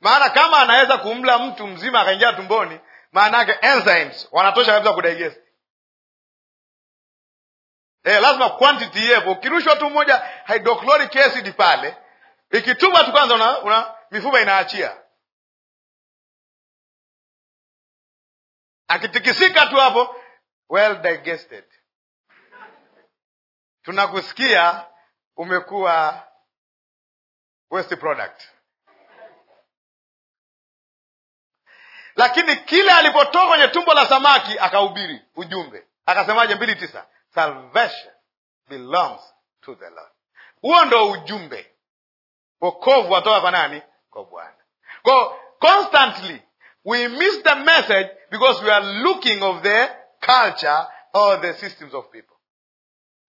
Maana kama anaweza kumla mtu mzima akaingia tumboni, maana yake enzymes wanatosha kabisa kudaigesa eh, lazima quantity yepo. Ukirushwa tu moja hydrochloric acid pale ikituba tu kwanza, una, una mifupa inaachia, akitikisika tu hapo well digested, tunakusikia umekuwa waste product lakini kile alipotoka kwenye tumbo la samaki akahubiri ujumbe, akasemaje? mbili tisa Salvation belongs to the Lord. Huo ndo ujumbe, wokovu watoka kwa nani? Kwa Bwana. Kwa constantly we miss the message because we are looking of the culture or the systems of people.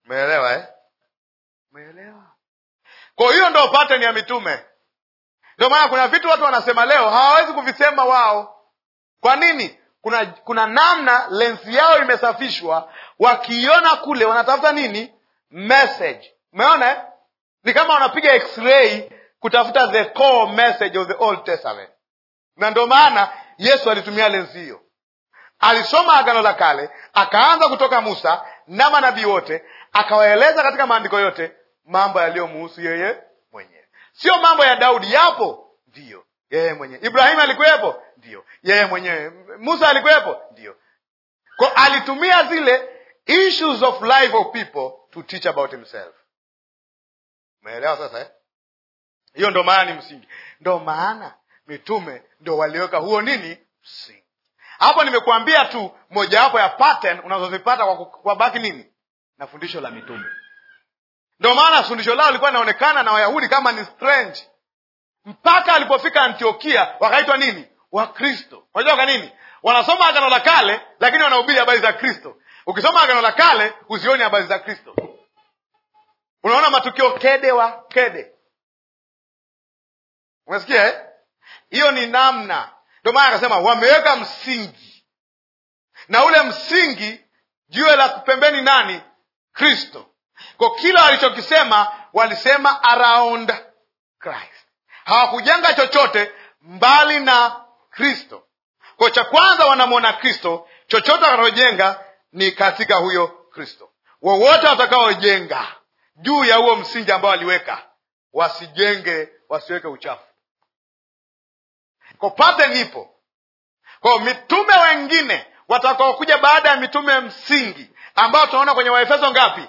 Umeelewa eh? Umeelewa? Kwa hiyo ndo pattern ya mitume. Ndio maana kuna vitu watu wanasema leo hawawezi kuvisema wao. Kwa nini? Kuna kuna namna lensi yao imesafishwa, wakiiona kule wanatafuta nini? Message. Umeona, eh? ni kama wanapiga x-ray kutafuta the core message of the Old Testament, na ndio maana Yesu alitumia lenzi hiyo. Alisoma Agano la Kale, akaanza kutoka Musa na manabii wote, akawaeleza katika maandiko yote mambo yaliyomuhusu yeye mwenyewe. Sio mambo ya Daudi, yapo ndiyo yeye mwenyewe. Ibrahimu alikuwepo, ndiyo yeye mwenyewe. Musa alikuwepo, ndiyo. Kwa alitumia zile issues of life of people to teach about himself umeelewa sasa eh? hiyo ndo maana ni msingi ndo maana mitume ndo waliweka huo nini msingi hapo nimekuambia tu mojawapo ya pattern unazozipata kwa, kwa baki nini na fundisho la mitume ndo maana fundisho lao lilikuwa linaonekana na wayahudi kama ni strange mpaka alipofika antiokia wakaitwa nini wakristo unajua kwa nini wanasoma agano la kale lakini wanahubiri habari za kristo Ukisoma Agano la Kale uzioni habari za Kristo, unaona matukio kede wa kede. Unasikia eh? Hiyo ni namna, ndio maana akasema wameweka msingi, na ule msingi jiwe la pembeni nani? Kristo. Kwa kila walichokisema walisema around Christ, hawakujenga chochote mbali na Kristo. Kwa cha kwanza wanamwona Kristo, chochote wanaojenga ni katika huyo Kristo. Wowote watakaojenga juu ya huo msingi ambao aliweka, wasijenge, wasiweke uchafu. Kwa nipo ipo kwa mitume wengine watakaokuja baada ya mitume msingi ambao tunaona kwenye Waefeso ngapi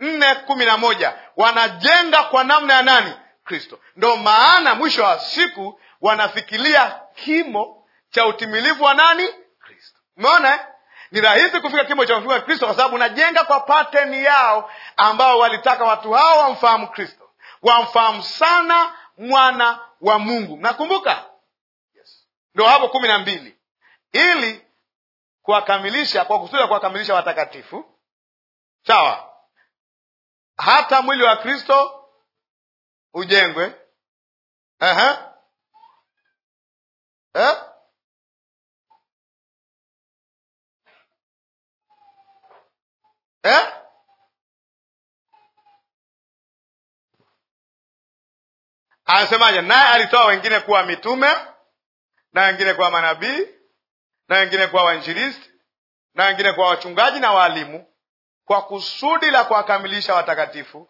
nne kumi na moja wanajenga kwa namna ya nani? Kristo. Ndo maana mwisho wa siku wanafikilia kimo cha utimilivu wa nani? Kristo. Umeona eh? Ni rahisi kufika kimo cha wa Kristo kwa sababu unajenga kwa pateni yao, ambao walitaka watu hao wamfahamu Kristo, wamfahamu sana mwana wa Mungu. Mnakumbuka? Yes. Ndo hapo kumi na mbili, ili kuwakamilisha kwa kusudi kuwakamilisha watakatifu, sawa, hata mwili wa Kristo ujengwe. uh -huh. eh? eh? Anasemaje? Naye alitoa wengine kuwa mitume na wengine kuwa manabii na wengine kuwa wainjilisti na wengine kuwa wachungaji na waalimu, kwa kusudi la kuwakamilisha watakatifu,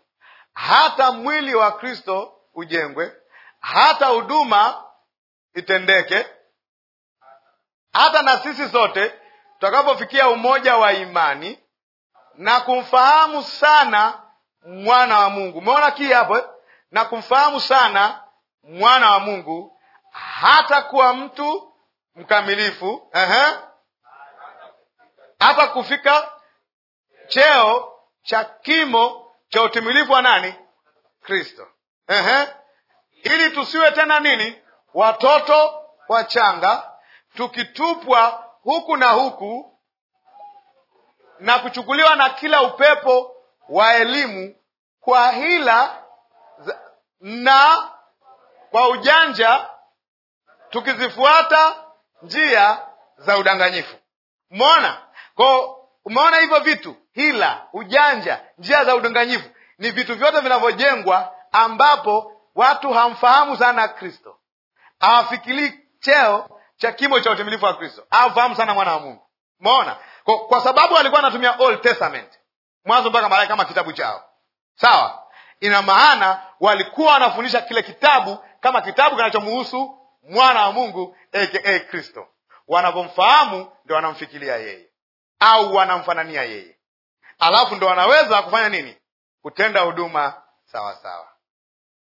hata mwili wa Kristo ujengwe, hata huduma itendeke, hata na sisi sote tutakapofikia umoja wa imani na kumfahamu sana mwana wa Mungu. Umeona kii hapo eh? na kumfahamu sana mwana wa Mungu hata kuwa mtu mkamilifu, ehe, hata kufika cheo cha kimo cha utimilifu wa nani? Kristo, ehe, ili tusiwe tena nini, watoto wachanga tukitupwa huku na huku na kuchukuliwa na kila upepo wa elimu kwa hila na kwa ujanja, tukizifuata njia za udanganyifu. Umeona kwa umeona hivyo vitu, hila, ujanja, njia za udanganyifu ni vitu vyote vinavyojengwa ambapo watu hamfahamu sana Kristo, hawafikirii cheo cha kimo cha utimilifu wa Kristo, hawafahamu sana mwana wa Mungu. Umeona kwa, kwa sababu alikuwa anatumia Old Testament Mwanzo mpaka Malaki kama kitabu chao, sawa. Ina maana walikuwa wanafundisha kile kitabu kama kitabu kinachomuhusu mwana wa Mungu aka Kristo. Wanapomfahamu ndo wanamfikiria yeye au wanamfanania yeye, alafu ndo wanaweza kufanya nini? Kutenda huduma sawa sawa.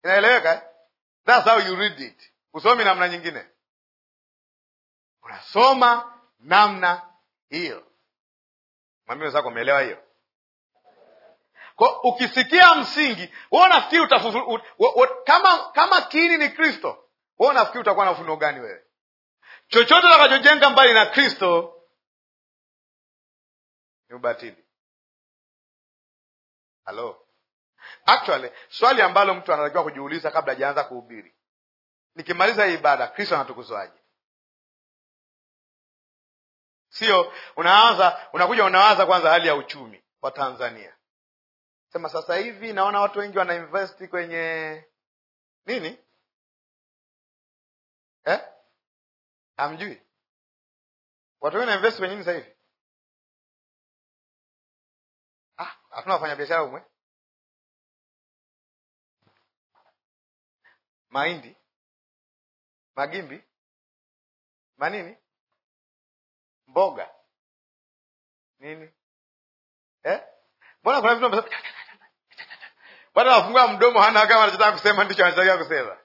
Inaeleweka eh? That's how you read it. Usomi namna nyingine, unasoma namna hiyo. Mwambie wenzako umeelewa hiyo. Kwa ukisikia msingi wo unafikiri utafufu, kama kama ni Kristo, wo unafikiri utakuwa na ufunuo gani wewe? Chochote utakachojenga mbali na Kristo ni ubatili. Halo, actually swali ambalo mtu anatakiwa kujiuliza kabla hajaanza kuhubiri, nikimaliza hii ibada Kristo anatukuzwaje? sio? Unaanza unakuja unawaza kwanza hali ya uchumi wa Tanzania, sema sasa hivi naona watu wengi wanainvesti kwenye nini eh? Hamjui watu wengi wanainvesti kwenye nini sasa hivi? Ah, wafanya wafanyabiashara umwe eh? mahindi magimbi manini mboga nini eh? Mbona kuna vitu amesema bado anafungua mdomo, hana kama anachotaka kusema ndicho anachotaka kusema.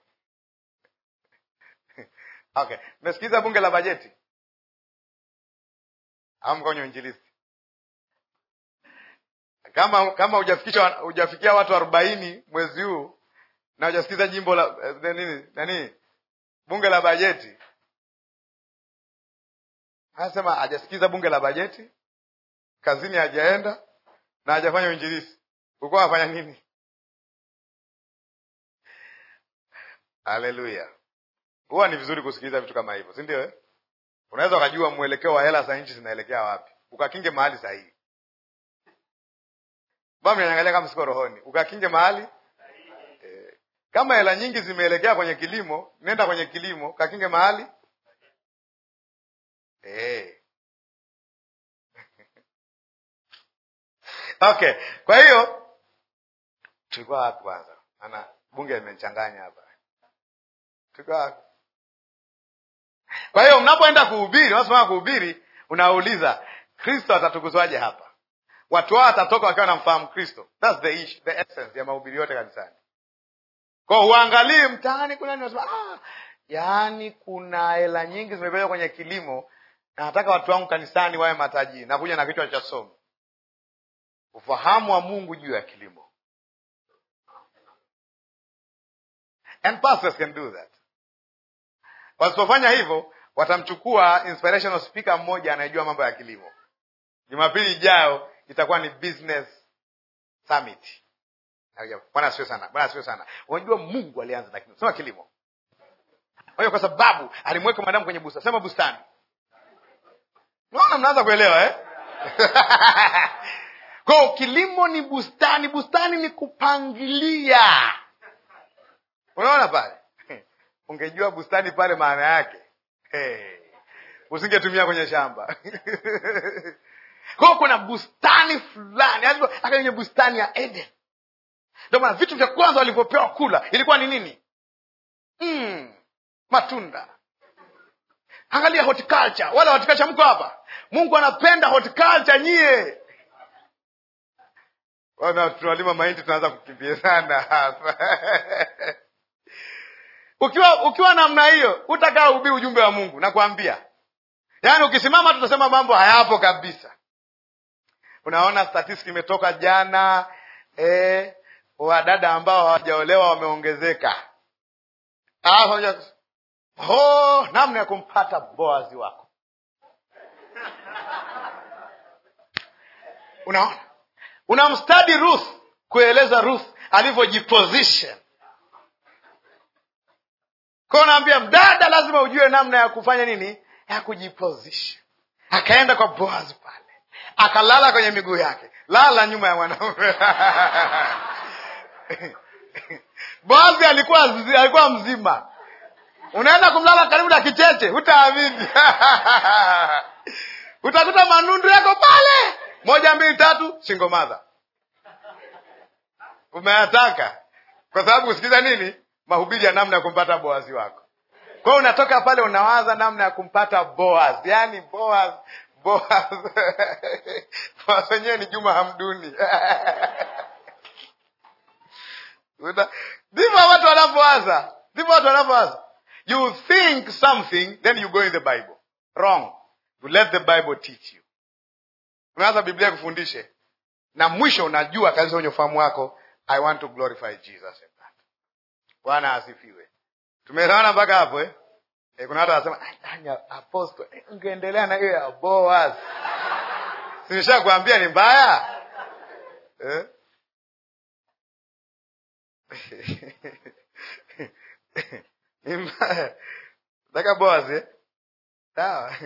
Okay, mesikiza bunge la bajeti amkonye injilisti kama kama hujafikisha hujafikia watu arobaini mwezi huu na hujasikiza jimbo la eh, nini nani bunge la bajeti Anasema hajasikiza bunge la bajeti, kazini hajaenda na hajafanya uinjilisi. Ulikuwa anafanya nini? Haleluya! Huwa ni vizuri kusikiliza vitu kama hivyo, si ndio eh? Unaweza ukajua mwelekeo wa hela za nchi zinaelekea wapi, ukakinge mahali sahihi. Baba, mnaniangalia kama siko rohoni, ukakinge mahali eh. Kama hela nyingi zimeelekea kwenye kilimo, nenda kwenye kilimo, kakinge mahali eh. Okay, kwa hiyo tulikuwa wapi kwanza? Ana bunge imechanganya hapa, tulikuwa wapi? Kwa hiyo mnapoenda kuhubiri, unasema kuhubiri, unauliza Kristo atatukuzwaje hapa? Watu wao watatoka wakiwa wanamfahamu Kristo. That's the issue, the essence ya mahubiri yote kanisani. Kwa huangalii mtaani, kuna nini, unasema ah, yaani kuna hela nyingi zimepelekwa kwenye kilimo anataka watu wangu kanisani wawe matajiri. Nakuja na kichwa cha somo, ufahamu wa Mungu juu ya kilimo. And pastors can do that. Wasipofanya hivyo, watamchukua inspirational speaker mmoja anayejua mambo ya kilimo. Jumapili ijayo itakuwa ni business summit. Bwana asifiwe sana, Bwana asifiwe sana. Unajua Mungu alianza na kilimo, sema kilimo. Kwa kwa sababu alimweka mwanadamu kwenye bustani, sema bustani naona mnaanza kuelewa eh? kwao kilimo ni bustani bustani ni kupangilia unaona pale ungejua bustani pale maana yake hey. usingetumia kwenye shamba kwao kuna bustani fulani aka kwenye bustani ya eden ndio maana vitu vya kwanza walivyopewa kula ilikuwa ni nini mm, matunda angalia horticulture wala horticulture mko hapa mungu anapenda horticulture nyie wana tunalima mahindi tunaanza sana hapa ukiwa ukiwa namna hiyo utakaa ubii ujumbe wa mungu nakwambia yaani ukisimama tutasema mambo hayapo kabisa unaona statistiki imetoka jana e, wadada ambao hawajaolewa wameongezeka ah, ho namna ya kumpata boazi wako unaona unamstadi ruth kueleza ruth alivyojiposition kwao unaambia mdada lazima ujue namna ya kufanya nini ya kujiposition akaenda kwa boaz pale akalala kwenye miguu yake lala nyuma ya mwanaume boazi alikuwa alikuwa mzima unaenda kumlala karibu na kicheche utaamini utakuta manundu yako pale moja mbili tatu singomadha mother umeyataka kwa sababu kusikiza nini mahubiri ya namna ya kumpata boazi wako kwao unatoka pale unawaza namna ya kumpata boaz yaani boaz boaz boaz wenyewe ni juma hamduni ndivo watu wanavyowaza ndivo watu wanavyowaza you think something then you go in the bible wrong you let the bible teach you unaanza Biblia ikufundishe na mwisho unajua kabisa kwenye ufahamu wako, I want to glorify Jesus. in that. Bwana asifiwe. Tumeelewana mpaka hapo eh? E, kuna watu wanasema ah, anya apostle eh, ungeendelea na hiyo ya Boaz sinisha kuambia ni mbaya eh? ni mbaya taka Boaz eh? sawa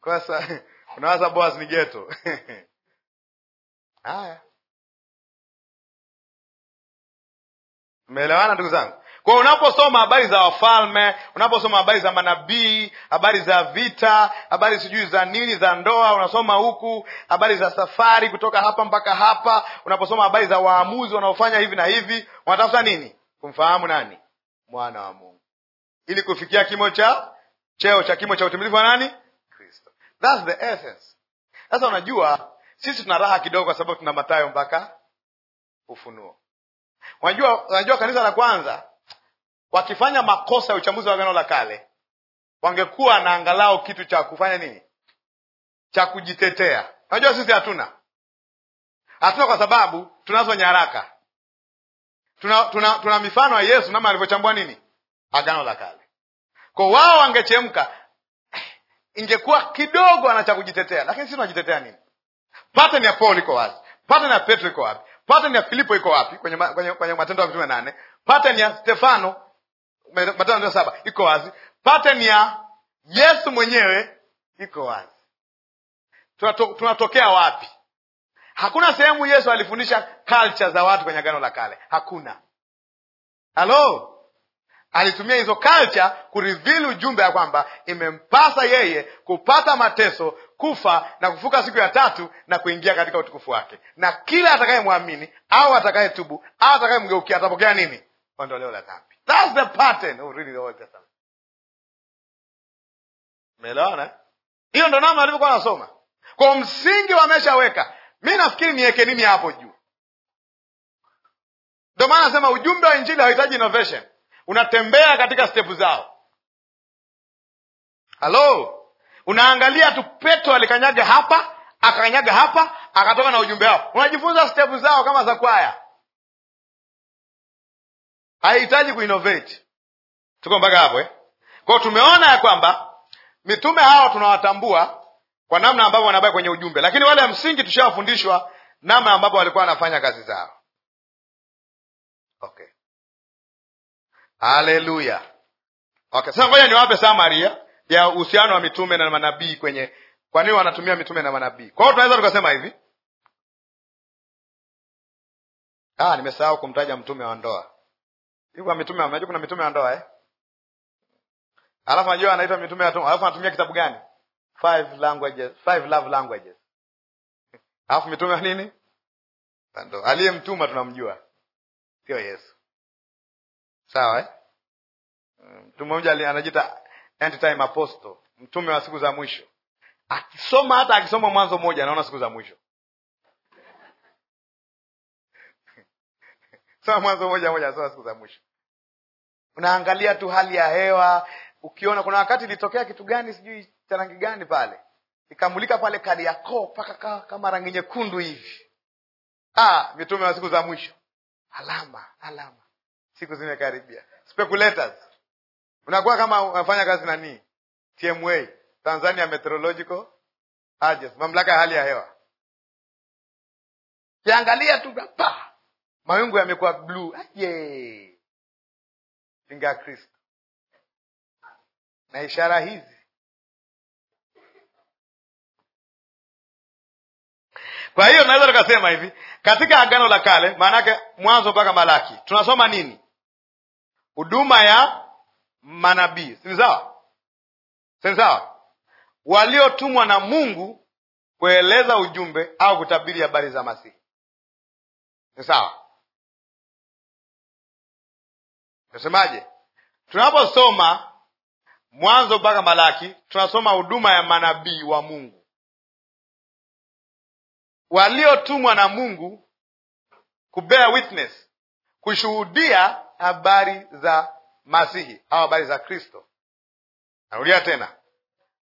kwa unawaza boas ni geto haya Mmeelewana ndugu zangu? Kwa unaposoma habari za wafalme, unaposoma habari za manabii, habari za vita, habari sijui za nini, za ndoa, unasoma huku habari za safari kutoka hapa mpaka hapa, unaposoma habari za waamuzi wanaofanya hivi na hivi, unatafuta nini? Kumfahamu nani? Mwana wa Mungu, ili kufikia kimo cha cheo cha kimo cha utimilifu wa nani? That's the essence. Sasa unajua sisi tuna raha kidogo, kwa sababu tuna Mathayo mpaka Ufunuo. Unajua, unajua kanisa la kwanza wakifanya makosa ya uchambuzi wa agano la kale, wangekuwa na angalau kitu cha kufanya nini, cha kujitetea. Unajua sisi hatuna, hatuna kwa sababu tunazo nyaraka, tuna, tuna, tuna mifano ya Yesu namna alivyochambua nini agano la kale. Kwa wao wangechemka ingekuwa kidogo ana cha kujitetea, lakini sisi tunajitetea nini? Pattern ya Paul iko wazi, pattern ya Petro iko wapi? Pattern ya Filipo iko wapi? Kwenye, kwenye, kwenye Matendo ya Mitume nane. Pattern ya Stefano Matendo ya saba iko wazi. Pattern ya Yesu mwenyewe iko wazi. Tunato, tunatokea wapi? Hakuna sehemu Yesu alifundisha culture za watu kwenye Agano la Kale, hakuna. Halo, Alitumia hizo culture kurivili ujumbe ya kwamba imempasa yeye kupata mateso, kufa na kufuka siku ya tatu na kuingia katika utukufu wake, na kila atakayemwamini au atakayetubu au atakayemgeukia atapokea nini? Ondoleo la dhambi. That's the pattern of oh, reading the Old Testament. Hiyo ndo namna alivyokuwa anasoma, kwa msingi wameshaweka. Mi nafikiri nieke nini hapo juu? ndo maana nasema ujumbe wa injili hauhitaji innovation unatembea katika stepu zao. Halo, unaangalia tu. Petro alikanyaga hapa, akakanyaga hapa, akatoka na ujumbe wao. Unajifunza stepu zao kama za kwaya, haihitaji kuinnovate. Tuko mpaka hapo eh? Kwao tumeona ya kwamba mitume hao tunawatambua kwa namna ambavyo wanabaki kwenye ujumbe, lakini wale ya msingi tushawafundishwa namna ambavyo walikuwa wanafanya kazi zao. Okay. Haleluya. Okay, sasa ngoja niwape samaria ya uhusiano wa mitume na manabii kwenye kwa nini wanatumia mitume na manabii. Kwa hiyo tunaweza tukasema hivi ah, nimesahau kumtaja mtume wa ndoa. Hivyo mitume, unajua kuna mitume wa ndoa eh? Alafu unajua anaitwa mitume wa ndoa, alafu anatumia kitabu gani? Five languages, five love languages. Alafu mitume wa nini? Ndoa. Aliyemtuma tunamjua. Sio Yesu sawa eh? Mtu mmoja anajiita end time apostle, mtume wa siku za mwisho. Akisoma hata akisoma Mwanzo mmoja, anaona siku za mwisho. Soma Mwanzo moja moja, soma siku za mwisho. Unaangalia tu hali ya hewa, ukiona kuna wakati ilitokea kitu gani, sijui cha rangi gani pale, ikamulika pale ya Kariakoo mpaka kama rangi nyekundu hivi. Ah, mitume wa siku za mwisho, alama alama siku zimekaribia. Speculators unakuwa kama unafanya kazi nani, TMA, Tanzania Meteorological Agency, mamlaka ya hali ya hewa. Kiangalia tu pa mawingu yamekuwa bluu, aje pinga Kristo na ishara hizi. Kwa hiyo naweza tukasema hivi katika Agano la Kale, maana yake Mwanzo mpaka Malaki tunasoma nini? huduma ya manabii, si sawa? Si sawa? waliotumwa na Mungu kueleza ujumbe au kutabiri habari za Masihi. Ni sawa? Nasemaje? Tunaposoma Mwanzo mpaka Malaki, tunasoma huduma ya manabii wa Mungu waliotumwa na Mungu kubea witness, kushuhudia habari za Masihi au habari za Kristo. Narudia tena,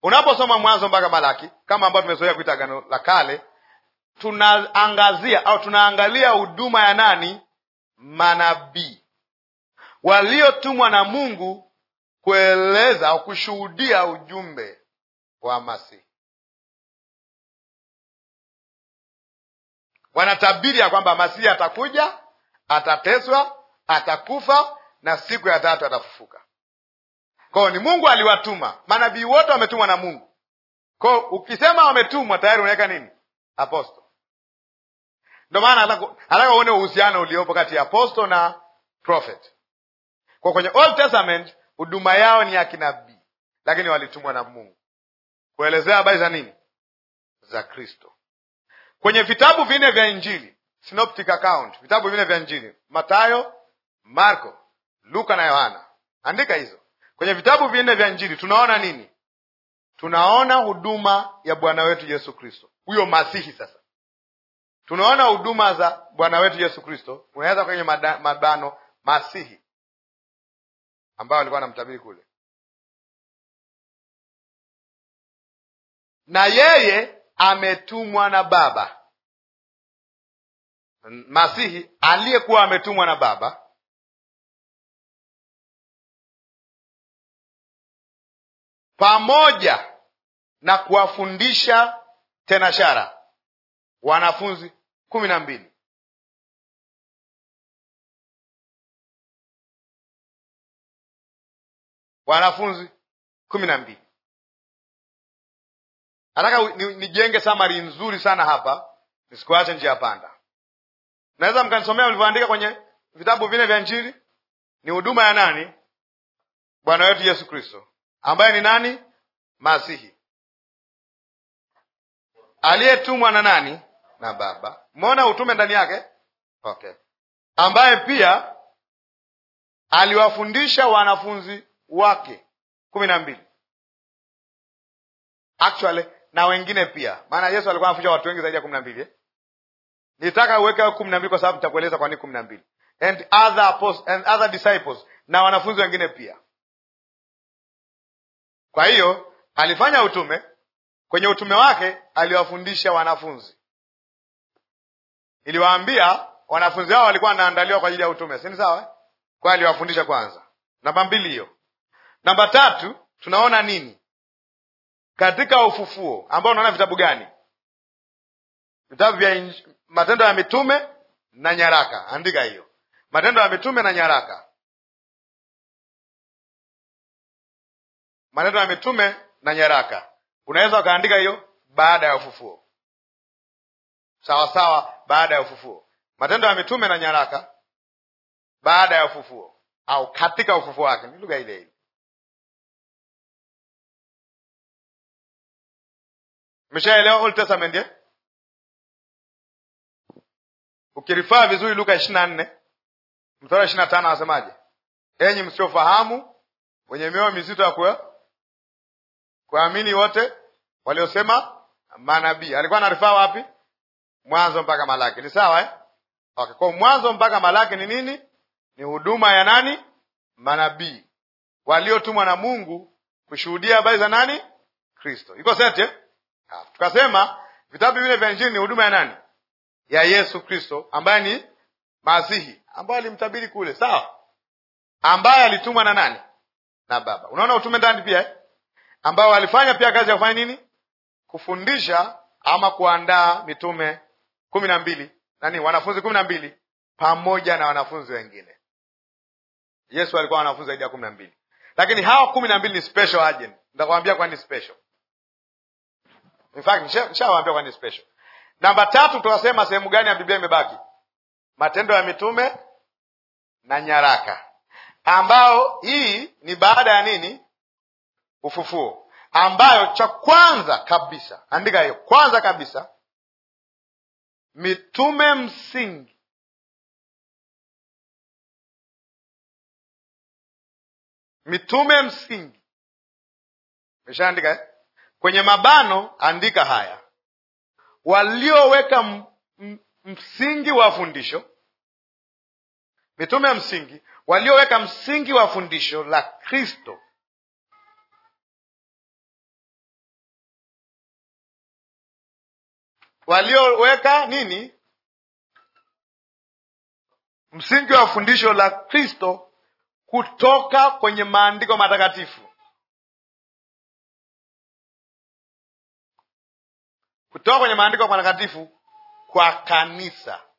unaposoma Mwanzo mpaka Malaki kama ambavyo tumezoea kuita gano la Kale, tunaangazia au tunaangalia huduma ya nani? Manabii waliotumwa na Mungu kueleza au kushuhudia ujumbe wa Masihi. Wanatabiri ya kwamba Masihi atakuja, atateswa, atakufa na siku ya tatu atafufuka. Kwao ni Mungu aliwatuma manabii wote, wametumwa na Mungu. Kwao ukisema wametumwa, tayari unaweka nini? Aposto. Ndo maana anataka uone uhusiano uliopo kati ya aposto na prophet. Kwa kwenye Old Testament huduma yao ni ya kinabii, lakini walitumwa na Mungu kuelezea habari za nini, za Kristo. Kwenye vitabu vinne vya Injili, synoptic account, vitabu vinne vya Injili, Mathayo, Marko, Luka na Yohana. Andika hizo kwenye vitabu vinne vya Injili. Tunaona nini? Tunaona huduma ya Bwana wetu Yesu Kristo, huyo Masihi. Sasa tunaona huduma za Bwana wetu Yesu Kristo. Unaweza kwenye mabano Masihi ambayo alikuwa anamtabiri kule, na yeye ametumwa na Baba. Masihi aliyekuwa ametumwa na Baba pamoja na kuwafundisha tenashara wanafunzi kumi na mbili. Wanafunzi kumi na mbili. Nataka nijenge samari nzuri sana hapa, nisikuache njia panda. Naweza mkanisomea mlivyoandika kwenye vitabu vine vya Injili? Ni huduma ya nani? Bwana wetu Yesu Kristo ambaye ni nani? Masihi aliyetumwa na nani? Na Baba. Umeona utume ndani yake, okay, ambaye pia aliwafundisha wanafunzi wake kumi na mbili actually na wengine pia, maana Yesu alikuwa anafundisha watu wengi zaidi ya kumi na mbili eh? Nitaka uweke kumi na mbili kwa sababu nitakueleza kwa nini kumi na mbili and other apostles, and other disciples, na wanafunzi wengine pia kwa hiyo alifanya utume. Kwenye utume wake aliwafundisha wanafunzi, iliwaambia wanafunzi hao walikuwa wanaandaliwa kwa ajili ya utume, si ni sawa? Kwa aliwafundisha kwanza. Namba mbili hiyo. Namba tatu, tunaona nini katika ufufuo ambao unaona vitabu gani? Vitabu vya Matendo ya Mitume na nyaraka. Andika hiyo, Matendo ya Mitume na nyaraka. maneno ya mitume na nyaraka. Unaweza ukaandika hiyo baada ya ufufuo, sawa sawa, baada ya ufufuo, matendo ya mitume na nyaraka baada ya ufufuo au katika ufufuo wake, ni lugha ile ile. Meshaelewa Old Testament ye? Ukirifaa vizuri Luka ishirini na nne mtara ishirini na tano anasemaje? Enyi msiofahamu wenye mioyo mizito ya kuamini wote waliosema manabii. Alikuwa rifaa wapi? Mwanzo mpaka Malaki, ni sawa eh? Okay, kwa Mwanzo mpaka Malaki ni nini? Ni huduma ya nani? Manabii waliotumwa na Mungu kushuhudia habari za nani? Kristo. Iko eh? Tukasema vitabu vile vya Injili ni huduma ya nani? Ya Yesu Kristo ambaye ni Masihi, ambaye alimtabiri kule, sawa, ambaye alitumwa na nani? Na Baba. Unaona utume ndani pia eh? ambao walifanya pia kazi ya kufanya nini? Kufundisha ama kuandaa mitume kumi na mbili nani, wanafunzi kumi na mbili pamoja na wanafunzi wengine. Yesu alikuwa wanafunzi zaidi ya kumi na mbili, lakini hawa kumi na mbili ni special agent. Nitakwambia nini special, in fact nishawaambia kwa nini special. Namba tatu, tunasema sehemu gani ya Biblia imebaki? Matendo ya Mitume na nyaraka, ambao hii ni baada ya nini? ufufuo, ambayo cha kwanza kabisa, andika hiyo, kwanza kabisa mitume msingi mitume msingi meshaandika eh? Kwenye mabano andika haya, walioweka msingi wa fundisho, mitume msingi walioweka msingi wa fundisho la Kristo walioweka nini msingi wa fundisho la Kristo kutoka kwenye maandiko matakatifu, kutoka kwenye maandiko matakatifu kwa kanisa.